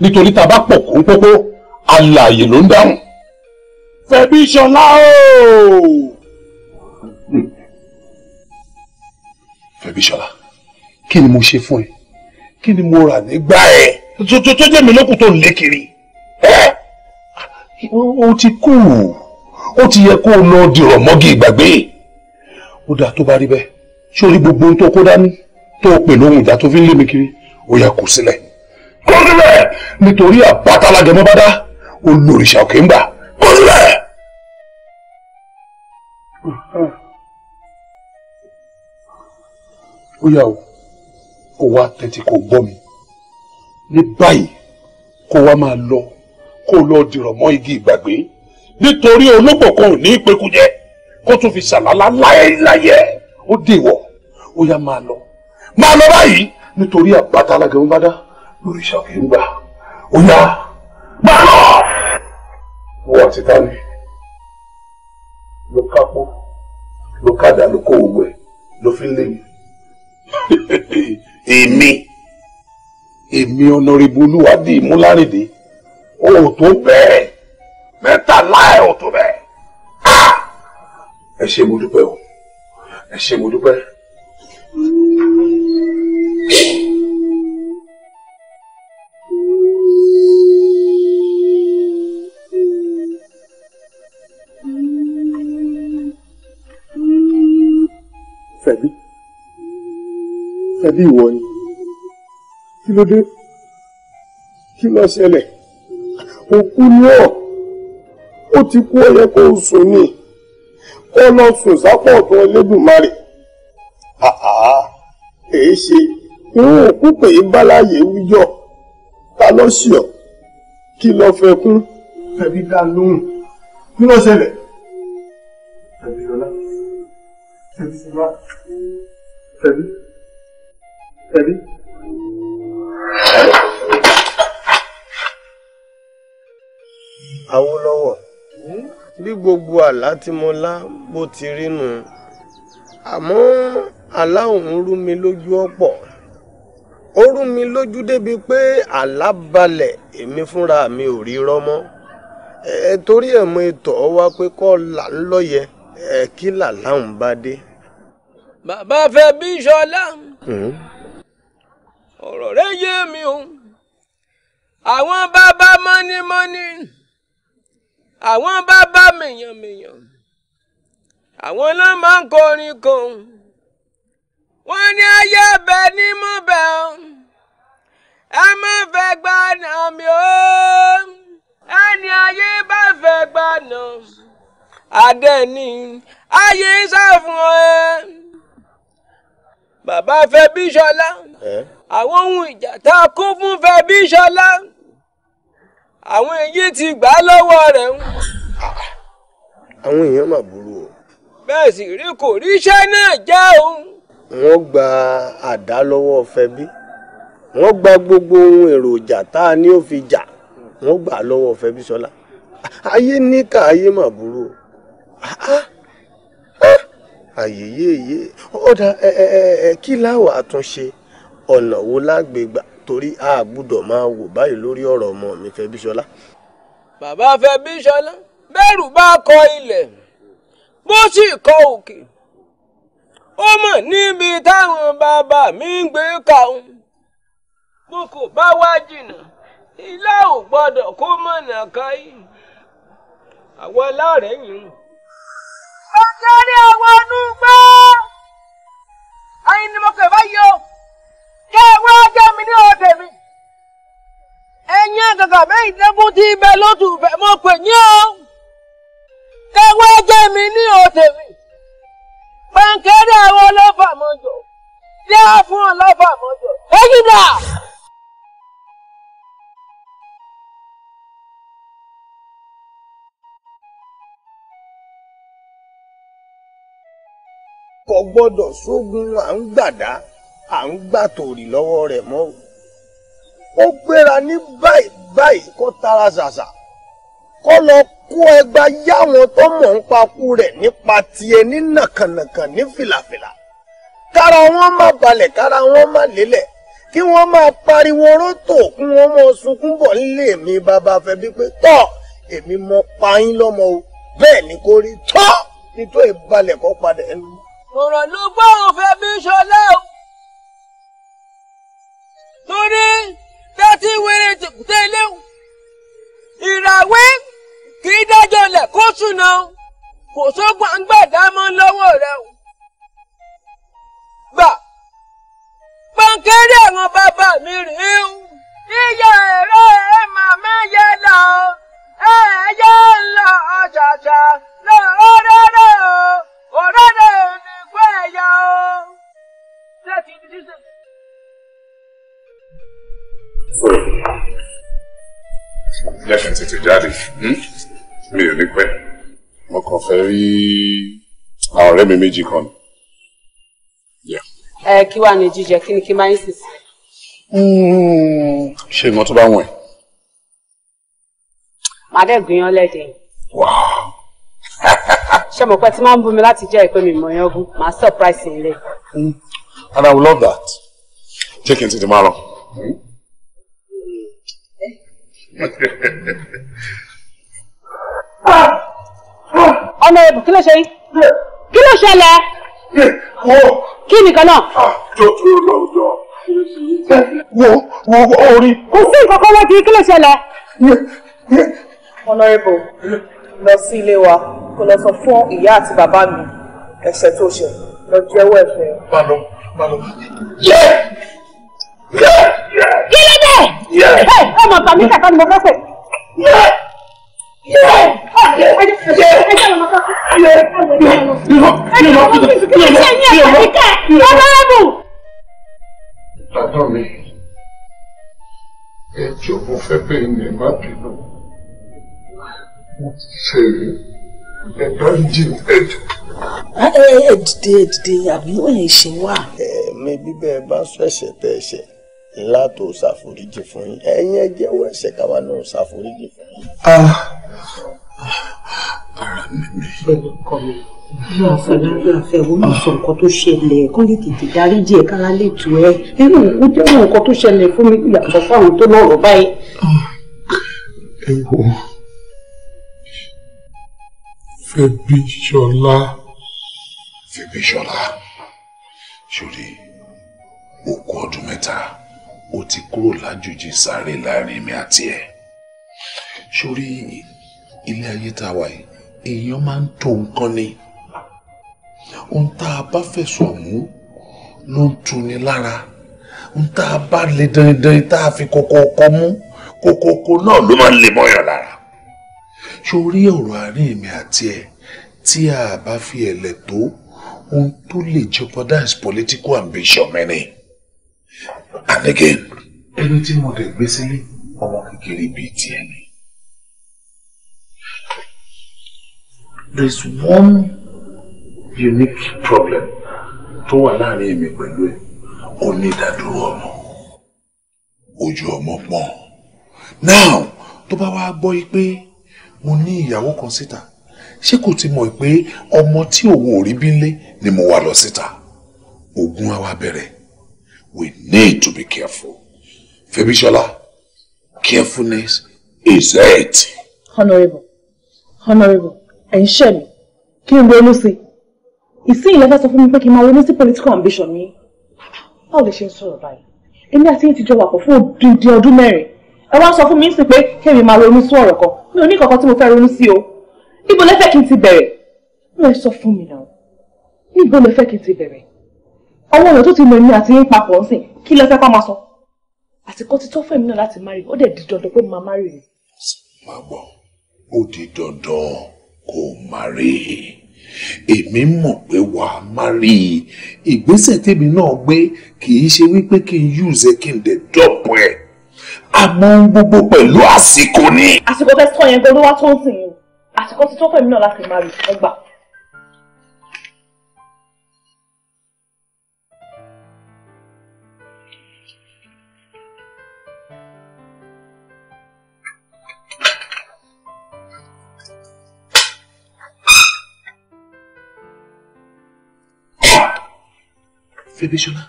nítorí tá bá pọ̀ kó alààyè ló ń dáhùn. fẹ̀bí ṣọlá o. fẹ̀bí ṣọlá kí ni mo ṣe fún ẹ kí ni mo rà nígbà ẹ tó tó jẹ́ mi lókùn tó ń lé kiri ẹ o ti kú o ti yẹ kó o lọ dìrọ̀ mọ́gì ìgbàgbé ó dáa tó bá rí bẹ́ẹ̀ ṣé o gbogbo ohun tó kó dání tó o pè lóhùn ìjà tó fi ń lé mi kiri ó yẹ kó sílẹ̀ kó sílẹ̀ nítorí àpáta alágẹmọ bá dá olórìṣà òkè ń bà kó sílẹ̀. ó yà ó kó wá tẹ́tí kó gbọ́ mi ní báyìí kó wá máa lọ kó lọ dìrọ̀ mọ́ igi ìgbàgbé nítorí ológbò ò ní í pekújẹ kó tún fi ṣàlálá láéláyé ó dèwọ̀ ó yá máa lọ máa lọ báyìí nítorí àpáta alágẹ̀mú bá dá lórí ìṣàkè ń gbà ó yá gbà lọ. wọ́n àti ta ni ló kápó ló kádà ló kó gbogbo ẹ̀ ló fi ń lé mi. èmi èmi ọ̀nàrìbù olúwádìí múlárìndé o ò tó bẹ́ẹ̀ mẹ́tàlá ẹ̀ ò tó bẹ́ẹ̀. Ah! ẹ ṣé mo dúpẹ́ o ẹ ṣé mo dúpẹ́. gẹ́gẹ́ bí ìwọ ni kí ló dé kí ló ṣẹlẹ̀ òkú ni ọ ó ti kú ọyẹ kó o sùn ni kó lọ sùn sápọ̀ tó Ẹlẹ́dùmarè èyí ṣe ìwọ̀n òkú pè é báláyé wíjọ ta ló ṣì ọ kí ló fẹ́ kún. fẹbi dá lóhùn kí ló ṣẹlẹ̀ fẹbi lọlá fẹbi sílá fẹbi. Tẹ̀lé. Awólọ́wọ̀ hmm? bí gbogbo àlá tí mo lá bó ti rí nù àmọ́ àlá òun rú mi lójú ọ̀pọ̀ ó rú mi lójú débi pé àlá balẹ̀ èmi fúnra mi ò rí rọ́mọ́ ẹ torí ẹ̀ mọ ètò ọwá pé kọ́ là ń lọ́yẹ ẹ kí làlá òun bá dé. bàbá fẹ́ bí sọlá. Hmm? ọ̀rọ̀ rẹ̀ yé mi o àwọn bàbá mọ́nímọ́ní àwọn bàbá mèyànmèyàn àwọn náà máa ń kọrin kan wọ́n ní ayé bẹ ní mọ́bẹ̀ ọ́ ẹ má fẹ́ gbà náà mi ó ẹni ayé bá fẹ́ gbà náà àdẹ́ni ayé ń sá fún ọ ẹ bàbá fẹ́ bí ṣọlá àwọn ohun ìjà tá a kún fún fẹ́ bí ṣọlá àwọn èyí ti gbà á lọ́wọ́ rẹ̀ ń. àwọn èèyàn mà burú o. bẹ́ẹ̀ sì rí kò ríṣẹ́ náà jẹ́ o. wọ́n gba àdá lọ́wọ́ fẹ́bí wọ́n gba gbogbo ohun èròjà tá a ní ó fi jà wọ́n gbà á lọ́wọ́ fẹ́bí ṣọlá ayé níkà ayé mà burú o. Ah, ah àyèyèyè ọ̀dà kí láwàá àtúnṣe ọ̀nà wo lágbègbà torí a gbúdọ̀ máa wò báyìí lórí ọ̀rọ̀ ọmọ mi fẹ́ bíṣọlá. bàbá fẹ́ bíṣọlá bẹ́rù bá kọ ilẹ̀ bó sì kọ òkè ó mọ̀ níbi táwọn bàbá mi ń gbé kàún mo kò bá wá jìnnà ilé ò gbọ́dọ̀ kó mọ̀nà káyì àwọn alárẹ̀yìn rùn kárí àwọn ọdún gbọ́. ẹyin ni mo kò báyìí o kẹ́ ẹ wá jẹ́ mi ní òde mi. ẹ̀yin àgàgà mẹ́yìn dẹ́kun ti bẹ lójú bẹ mo pè yín o. kẹ́ ẹ mi ní òde mi. pàǹkẹ́rẹ́ àwọn ọlọ́fà mọ́jọ. dẹ́ fún ọlọ́fà mọ́jọ. ẹ̀yin náà. kò gbọ́dọ̀ sógun à ń gbàdá à ń gbà tòrì lọ́wọ́ rẹ̀ mọ́ o. ó gbéra ní báyìí báyìí kó tara ṣàṣà kó lọ kó ẹgba yáwọn tó mọ̀ ń paku rẹ̀ nípa tiẹ̀ ní nàkànàkàn ní fìlàfìlà kára wọn má balẹ̀ kára wọn má lélẹ̀ kí wọ́n máa pariwo rótò kí wọ́n mọ sunkún bọ̀ nílé mi bàbá fẹ́ bí pé tọ́ èmi mọ pa yín lọ́mọ o bẹ́ẹ̀ ni kò rí tọ́ nítorí balẹ̀ kọ́ padà ẹnu ọ̀rọ̀ ló gbọ́ òfin mi ṣọlá o torí tẹ́tí wéré tẹ́lẹ̀ ìràwé kì í dájọ́ lẹ̀ kó súná kò sógun àgbàdámọ́ lọ́wọ́ rẹ o gbà pọ́nkẹ́rì àwọn bàbá mi rèé o iyọ ẹ̀rọ ẹ̀ màmá yẹn lọ ẹ̀ yẹn lọ ṣàṣà. Jesus. Lẹ́kìn tètè jáde, hmm? mi ò ní pẹ́. Mo kàn fẹ́ rí àwọn ọ̀rẹ́ mi méjì kan. Ẹ kí wàá ní jíjẹ, kí ni kí máa ń sìn sí? Ṣé nǹkan tó bá wọ̀n ẹ̀? Màá dẹ̀ gbìyàn lẹ́dẹ̀. Ṣé mo pẹ́ tí máa ń bú mi láti jẹ́ ìpè mi mọ̀ yán Màá surprise yín and I will love that. Take Check to tomorrow. ọmọ ẹbù kí ló ṣe yín kí ló ṣẹlẹ̀ kí nìkan náà. wo wo orí. kò sí nǹkan kan wọ́n ti kí ló ṣẹlẹ̀. honourable lọ sí ilé wa kó lọ sọ fún ìyá àti bàbá mi ẹ̀ṣẹ̀ tó ṣe lọ jẹ́wọ́ ẹ̀ṣẹ̀ kí ló dé ẹ ọmọ tàbí kàkà ni mo fẹ́ pè ẹ̀dá ń jí mi ẹ̀jọ̀. ẹ ẹ dìde dìde àbí òyìn ṣe wà. ẹ mi bíbẹ bá ṣẹ̀ṣẹ̀ tẹ ẹ̀ṣẹ̀ ńlá tó ṣàforíjì fún yín ẹ̀yin ẹ jẹ́wọ́ ẹ̀ṣẹ̀ káwa náà ṣàforíjì fún yín. Ah. ara mi mi. pẹ̀lú kọ mi inú àfọlábí àfẹwò ní sọ nǹkan tó ṣẹlẹ̀ kó lè tètè dáríjì ẹ kára lè tù ẹ irú òkú jẹ́ nǹkan tó ṣẹlẹ̀ fún mi yàtọ̀ fáwọn tó lọ́rọ̀ báyìí. Ah. ẹ wo. Fẹ́bíṣọlá. Fẹ́bíṣọlá ṣòrí òkú ọdún mẹ́ta O ti kúrò lájòjì sáré láàrin mi àti ẹ̀ ṣòrí ilé ayé tá a wà yìí èèyàn máa ń tó ni ohun tá a bá fẹ̀sọ̀ mú ló ń tuni lára ohun tá a bá le dandan tá a fi kókó ọkọ mú kókó ọkọ náà ló máa ń sórí ọ̀rọ̀ àárín èmi àti ẹ̀ tí a bá fi ẹ̀lẹ̀ tó ohun tó lè jeopardize political ambition mi ni. and again ẹni tí mo dẹ̀ gbé sílé ọmọ kékeré bíi tiẹ̀ ni. there is one unique problem tó wà láàrin èmi pẹ̀lú ẹ̀ ó ní ọmọ ojú ọmọ pọ́n now tó bá wá gbọ́ yí pé mo ní ìyàwó kan síta ṣé kò ti mọ̀ pé ọmọ tí òun rí bí nlé ni mo wà lọ síta ogun àwa bẹ̀rẹ̀ we need to be careful Fẹ́bíṣọlá carefulness is it. honourable honourable ẹ̀ ń ṣẹ́ mi kí n ronú sí ìsín ìlẹ́fẹ́ sọ fún mi pé kí n máa ronú sí political ambition mi báwo lè ṣe ń sọ̀rọ̀ báyìí èmi àti yín ti jọ wà pọ̀ fún odidi ọdún mẹ́rin ẹ wá sọ fún mi sí pé kéèmí máa ronú sí ọ̀rọ̀ kan mi ò ní kankan tí mo fẹ́ ronú sí o níbo lẹ fẹ́ kí n ti bẹ̀rẹ̀ mo ẹ sọ fún mi náà níbo lẹ fẹ́ kí n ti bẹ̀rẹ̀ ọwọ́ ọ̀nà tó ti mọ èmi àti yín papọ̀ ọ̀sìn kí lẹ fẹ́ pa máa sọ àsìkò ti tó fún èmi náà láti márì ó dẹ̀ di dandan pé màá márì ni. má gbọ́ ó di dandan kó o márì èmi mọ̀ pé wà á márì ìgbésẹ̀ tèmi náà gbé kì í ṣe wípé kí n yúùzẹ́ kí n dẹ̀ dọ̀pọ̀ ẹ̀ àmọ́ ohun gbogbo pẹ̀lú àsìkò ni. àsìkò fẹ́ sọ yẹn gan ló wá tó ń sìn yìí àsìkò ti tó fún èmi náà láti máa rí ẹgbà. Fébísọ́lá.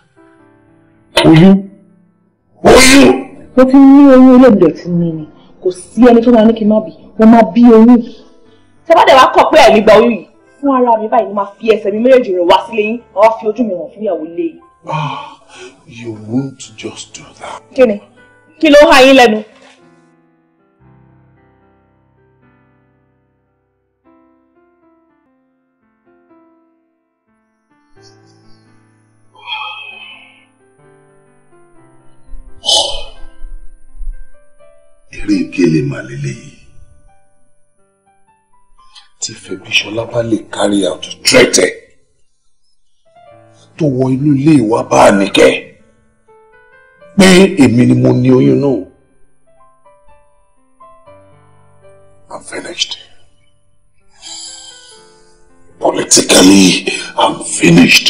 Oyún. Oyún mo ti ní oyún ilé ìbílẹ̀ tí mi ni kò sí ẹni tó máa ní kí n má bì mo máa bí oyún yìí. ṣé bá dẹ̀ wá kọ̀ pé ẹ̀mí gba oyún yìí fún ara mi báyìí ni máa fi ẹsẹ̀ mi méjèèjì rẹ̀ wá sílé yín wá fi ojú mi hàn fún ìyàwó ilé yìí. ah you won't just do that. kí ni kí ló ń ha yín lẹ́nu gèlè mà lélẹ́yìí. tí Fẹ́bíṣọlá bá lè carry out threat ẹ̀ tó wọ inú ilé ìwà bá a nìkẹ́ pé èmi ni mo ní oyún náà. I'm finished. Politically, I'm finished.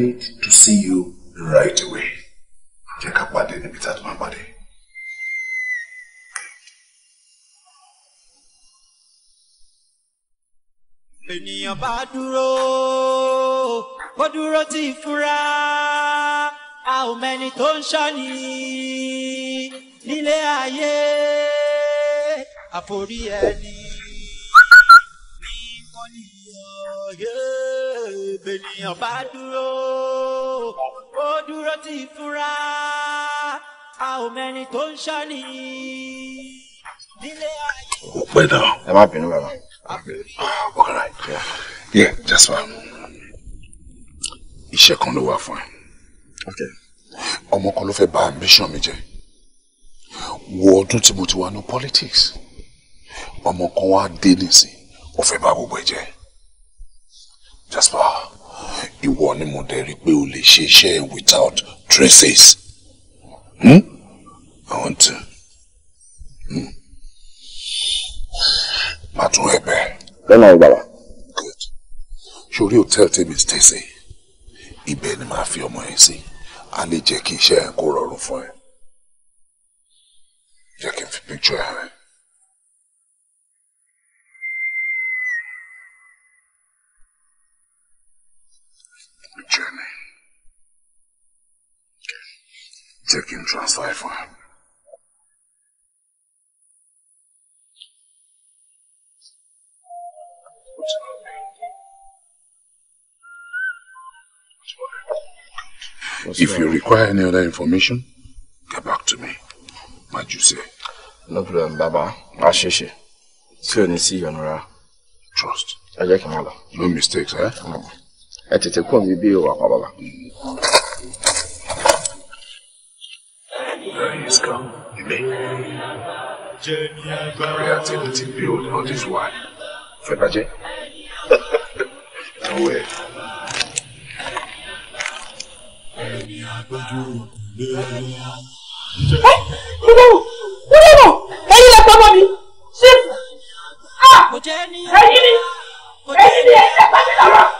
need to see you right away. Jẹ́ ká pàdé níbi tá a ti máa pàdé. ènìyàn bá dúró ó dúró tí ìfura a ò mẹni tó ó dúró ti fúnra a ò mẹ́ni tó ń ṣàní nílé ayé. ó pẹ́ dà ọ́. ẹ má bínú bàbá. ọ̀kàrà yẹ jasper iṣẹ́ kan ló wà fún ẹ ọmọ kan ló fẹ́ bà ambition mi jẹ́ wo ọdún tí mo ti wà ní politics ọmọ kan wá dé nísìn ó fẹ́ bà gbogbo ẹ jẹ́ jasper ìwọ ni mo dẹ̀ rí pé o lè ṣe iṣẹ́ without traces. Hmm? I want to. Hmm. Màá tún ẹ̀bẹ̀. Lọ́nà ìgbàlá. Good. Sórí hòtẹ́ẹ̀lì tell stay sí, ibẹ̀ ni màá fi ọmọ yẹn sí. A lè jẹ́ kí iṣẹ́ yẹn kó rọrùn fún ẹ. Jẹ́ kí n fi picture ẹ̀ hàn journey. Jẹ́ kí transfer ẹ̀ fún ẹ. If you require any other information, get back to me. you say? No problem, Baba. Asheshe. See you in the sea, Trust. I like him. No mistakes, eh? No ẹ tètè kó mi bí ìwà kan bàbá. He's gone. Me. Creativity built on this wine. Febaje. No way. Kúrò! Kúrò! Ẹyin lè pamọ́ mi! Ṣé ah! ẹyin ni ẹyin lè pamọ́ mi lọ́wọ́?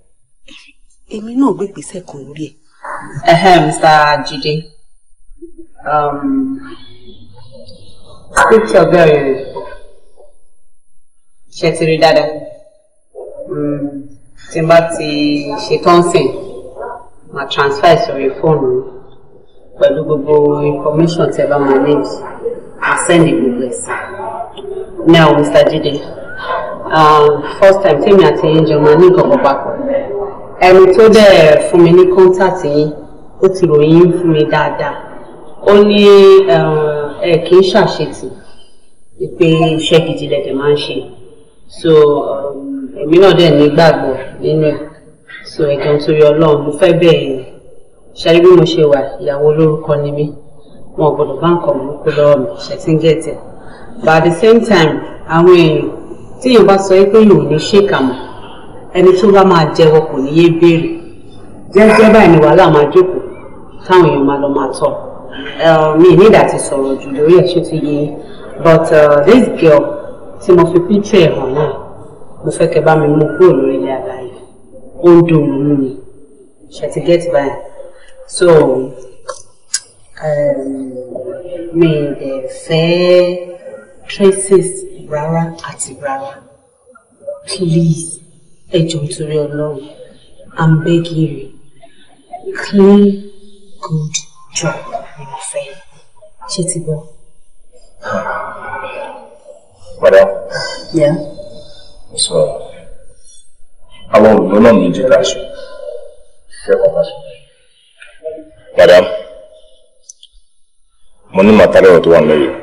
èmi náà gbé gbèsè kan lórí ẹ̀. Mr. Jide um, speak to your girl yẹn ṣe ti rí dáadáa mm, tí n bá ti ṣetán sìn máa transfer sórí fóònù pẹ̀lú gbogbo information tẹ́ bá máa ní máa send gbogbo ẹ̀ sí. now Mr. Jide um, first time tí èmi àti yín jọ máa ní nǹkan kan papọ̀ ẹni tó dẹ̀ fún mi ní kọ́ńtàtì yín ó ti ròyìn fún mi dáadáa ó ní ẹ kì í ṣàṣetì pé iṣẹ́ gidi lẹ́dẹ̀ máa ń ṣe so um, èmi náà dẹ̀ nígbàgbọ́ nínú ẹ̀ so ẹ̀jọ̀ nítorí ọlọ́run mo fẹ́ bẹ́ẹ̀ ni ṣáájú bí mo ṣe wà ìyàwó olórúkọ ni mí wọn ò gbọdọ̀ bá nǹkan mú kó lọ́wọ́ mi ṣe ti ń gẹ̀tẹ̀ but at the same time àwọn èèyàn tí èèyàn bá sọ pé yòó ní ṣèkà mọ́ ẹni tó bá máa jẹ́wọ́ kò ní yé béèrè jẹ́jẹ́ báyìí ni wàhálà máa jókòó táwọn èèyàn máa lọ máa tọ́ mi ní ìdá ti sọ̀rọ̀ jù lórí ẹ̀ ṣó ti yé but uh, this girl tí mo fi píntì ẹ̀ hàn náà mo fẹ́ kẹ́ bá mi mú kúrò lórí ilé àgbáyé ó ń dùn mí ni ṣe ti get báyìí so um, mi dẹ̀ fẹ́ traces Rara àti Rara, please ẹ jọ̀ọ́ nítorí Ọlọ́run i'm begging you clean good job ni mo fẹ́ ṣé ti gbọ́. Madam. Yeah. So, àwọn òyìnbó náà méjì láṣọ. Ṣẹ́wọ̀n láṣọ. Madam, mo ní màtálẹ̀ tó wà lẹ́yìn.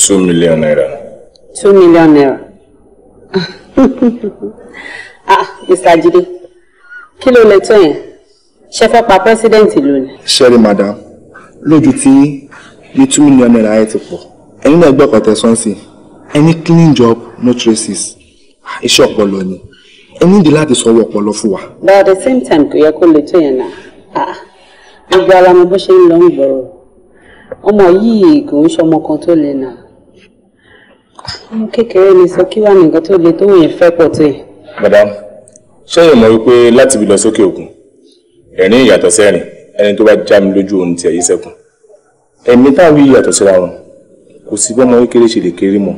Two million naira. Two million naira. ah Mr. Jide kí ló lè tó yẹn ṣe fẹ́ pa president ìlú ni. sẹ́rí madam lójú tí ní two million naira ẹ̀ ti pọ̀ ẹ̀yin náà gbọ́kàn tẹ̀sán sí any clean job no traces ah, iṣẹ́ ọpọlọ ni ẹ nídìí láti sọ̀rọ̀ ọpọlọ fún wa. but at the same time kò yẹ kó lè tó yẹn náà ah, gbogbo ara mi bó ṣe ń lọ ń gbọrọ ọmọ yìí kò ń ṣọmọ kan tó lè náà ọmọ kékeré ni sọ kí wà ní nǹkan tó le tó yẹn fẹ́ pọ̀ tó yẹn. madam ṣé èèyàn mọ̀ wípé láti ibi lọ sókè òkun ẹ̀rín ìyàtọ̀ sẹ́rìn ẹni tó bá já mi lójú ohun tí ẹ̀yí sẹ́kùn ẹ̀mí táwọn yìí yàtọ̀ síra wọn kò sí bọ́mọ kékeré ṣe lè kéré mọ́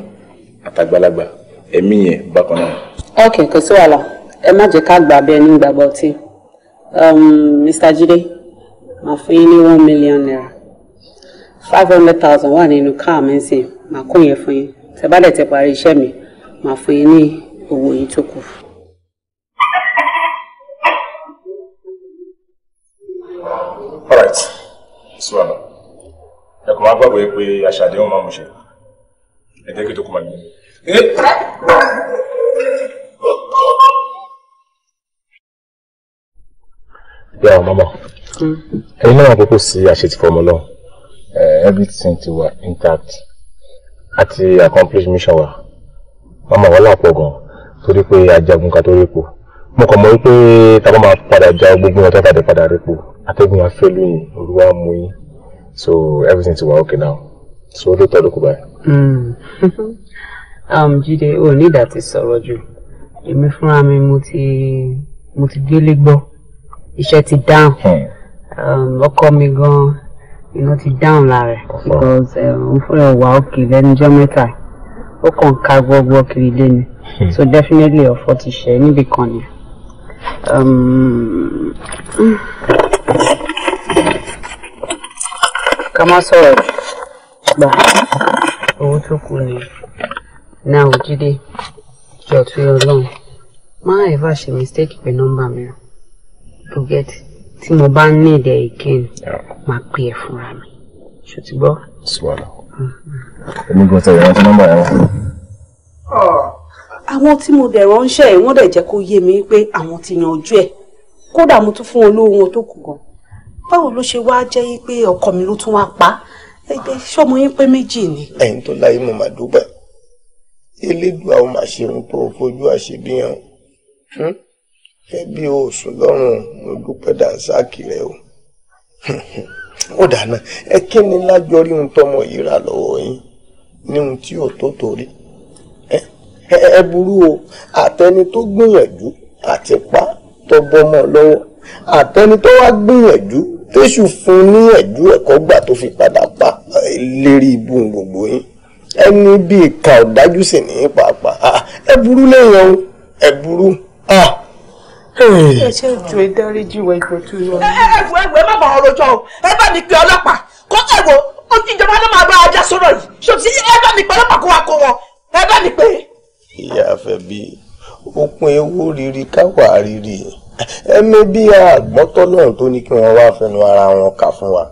àtàgbàlagbà ẹ̀mí yẹn bákan náà. ok kò sí wàhálà ẹ má jẹ́ ká gbà bẹ́ẹ̀ ní gbàgbọ́ tí um, Mr. Jide màá fún yín ní one million naira five hundred thousand wà nínú káà mi ń sìn màá kó yẹn fún yín tẹ bá dẹ̀ ti parí iṣẹ́ mi màá fún yín ní owó yìí tó kù. ẹ kò máa gbàgbọ́ pé aṣàdéhùn máa mú ẹ jẹ́ kí tó kú máa gbé. yà ọ mama hmm. ẹyin náà wọn kókó sí àṣetìfọmọ náà eh, everything ti wà intact àti accomplished mission wa ọmọ wa lápò gan torí pé ajagun ká tó répo mo kàn mọ̀ wípé tá a bá máa padà ja gbogbo wọn tó padà répo atẹ́gùn afẹ́lú yìí olúwa mú yín so everything ti wà okay now so ló tọ́ ló kú báyìí. Hmm. Um, Jídé ò ní ìdá ti sọ̀rọ̀ jù èmi fúnra mi mo ti mo ti délé gbọ́ iṣẹ́ ti dáhùn hmm. um, ọkọ mi gan-an iná ti dáhùn lára ẹ̀ because eh, òun fúnra ẹ̀ wà òkè lẹ́nujọ́ mẹ́ta ó kàn ká gbọ́gbọ́ kiri lé hmm. so definitely ọ̀fọ̀ ti ṣẹ̀ níbì kan ni. Um, ká má sọ̀rọ̀ gbà owó tó kù ni náà ò jíde jọ̀ọ́ tó yọ lọ́hùn má ẹ̀ ṣe mistake pé nọ́mbà mi o to get tí mo bá ní èdè again máa pè é fúnra mi ṣòtí gbọ́. sùwàlà mm-hmm. èmi gan tẹ ìrántí nọ́mbà yẹn wọn. Ah. àwọn tí mo dẹ̀ ránṣẹ́ ẹ̀ wọ́n dẹ̀ jẹ́ kó yé mi pé àwọn ti yanjú ẹ̀ kódà mo tún fún olówó wọn tó kù gan báwo ló ṣe wá jẹ́ pé ọkọ mi ló tún wá pa ẹgbẹ́ sọmọ yín pé méjì ni. ẹ̀yin tó láyé mo máa dúpẹ́ elédùn àwọn màṣẹ́run tó fojú àṣebíyàn ẹbí o sùn lọ́rùn mo dúpẹ́ dànsákì rẹ o ó dáná ẹ kí ni lájọ rí ohun tọmọ yìí rà lọ́wọ́ yín ní ohun tí ò tó torí ẹ burú o àtẹni tó gbìyànjú àti pa tọbọmọ lọ́wọ́ àtẹni tó wá gbìyànjú tẹsù fún níyànjú ẹ̀kọ́ gbà tó fi padà pa lérí ibú gbogbo yín ẹni bíi ìka ọ̀dájú sì ní pàápàá ẹ burú lẹ́yìn ọ̀hún ẹ burú ah ẹ ṣe ń ju ìdáríjì wa ìgbẹ́ tó yọ. ẹ ẹ ẹgbẹ́ ẹgbẹ́ má bàa rojọ́ o ẹ bá mi pe ọlọ́pàá kó ẹ̀wọ̀ ó ti ìjọba ló máa bá ajá sọ̀rọ̀ yìí ṣòtí ẹ bá mi pe ọlọ́pàá kó wa kó wọn ẹ bá mi pe. ìyá àfẹ́bí ó pin owó rírì káwà rírì ẹ mẹ́bí àgbọ́tọ́lọ́run tó ní kí wọ́n wá fẹnu ara wọn kà fún wa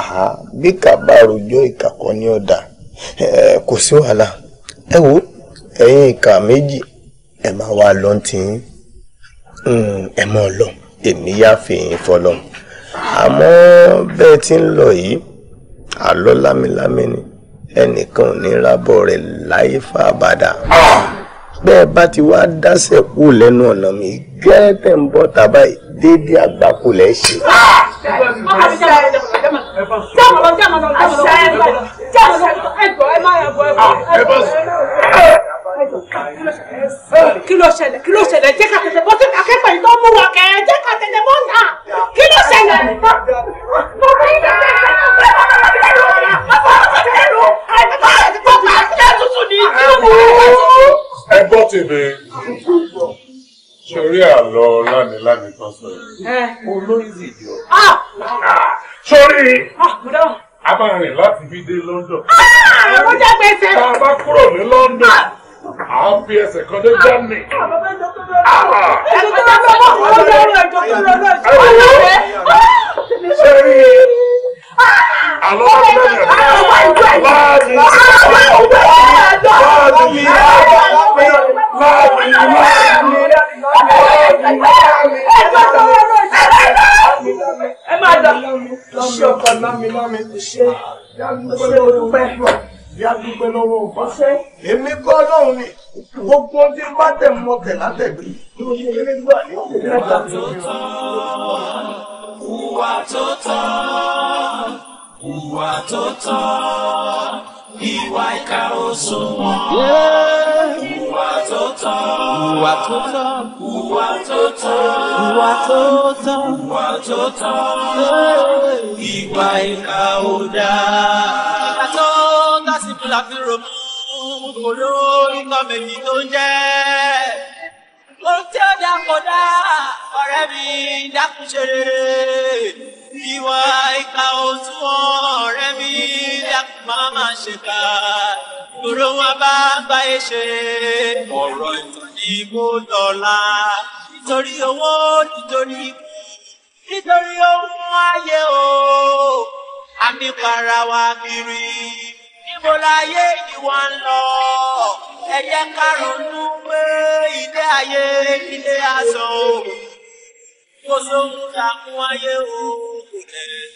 àhà bí kàbá rojọ́ ìkàkọ́ ní ọ̀dà kò sí wàhálà ẹ wo ẹ̀yin ìkà méjì ẹ máa wá lọ́ntìn yín. Hmm, ẹ mọ lọ èmi yá fìyìn fọlọ àmọ́ bẹ́ẹ̀ tí ń lọ yìí àlọ́ lámilámi ni ẹnìkan ò ní rábọ̀ rẹ̀ láyé fà bàdà bẹ́ẹ̀ bá ti wá dáṣẹ̀ kú lẹ́nu ọ̀nà mi gẹ́tẹ̀ ń bọ̀ tàbá déédéé àgbákò lẹ́ ṣe. Ẹ bọ́ sí kí ló ṣẹlẹ̀ kí ló ṣẹlẹ̀ jẹ́ ká tètè bọ́ sí akẹ́kọ̀ọ́ yìí tó mú wa kẹ́ ẹ jẹ́ ká tètè bọ́ sà kí ló ṣẹlẹ̀. bàbá yìí lè tẹ̀lé ọ̀gá bàbá mi lẹ́nu bàbá mi lẹ́nu àìpẹ́ bàbá mi lẹ́nu tútù ni kí ló mú wa tútù. ẹ gbọ́ tèmi sórí àlọ́ lánìlánì kan sọ yìí olórí sì jọ sórí abárin láti fi dé London. àwọn ọjà gbèsè. tá a bá kúrò ní London àwọn fi ẹsẹ̀ kan dé germany. ẹni tó bá fọwọ́ kọ́ ló lọ́rùn ẹ̀jọ̀ tó lọ lọ́rùn ẹ̀jọ̀ tó lọ lọ́rùn. ṣé rí i àlọ́ ọ̀gbẹ́ni láàbí ọ̀gbẹ́ni láàbí láàbí láàbí láàbí. ẹ máa dọ̀ ṣé ọkọ̀ lámìlámì ṣe yálùú pẹ̀lú olùpẹ̀ bí a dúpẹ́ lọ́wọ́ ọ̀fọ́sẹ́. èmi kọ́ lọ́hùn ni gbogbo tí n bá tẹ̀ mọ́ tẹ̀ látẹ̀gbẹ́. ìwà tó tọ́ ìwà tó tọ́ ìwà tó tọ́ ìwà ìka oṣù ìwà tó tọ́ ìwà tó tọ́ ìwà tó tọ́ ìwà tó tọ́ ìwà tó tọ́ ìwà ìka ọ̀dà àsìkò láti ronú kò lórí nǹkan méjì tó ń jẹ́. Ohun tí ó dá kò dá ọ̀rẹ́ mi dákun ṣe rere. Ìwà ìka òtún ọ̀rẹ́ mi dákun máa máa ṣèkà. Ìgboro wa bá gbáyé ṣe. Ọ̀rọ̀ ìtàn ni mo dọ̀la. Nítorí owó nítorí ikú. Nítorí ohun ayé o. A nípa ara kiri níbo láyé ìwọ ń lọ ẹ jẹ́ ká ronú pé ilé ayé ilé aṣọ òògùn sóhun ta ayé òògùn rẹ̀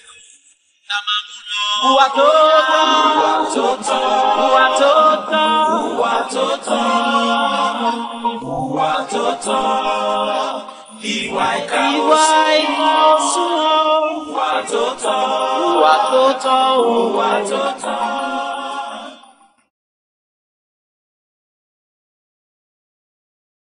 ta máa tó tọ́, ìwà tó tọ́, ìwà tó tọ́, ìwà tó tọ́, ìwà tó ìwà ìka òsùn, ìwà tó tọ́, ìwà tó tọ́, ìwà tó tọ́.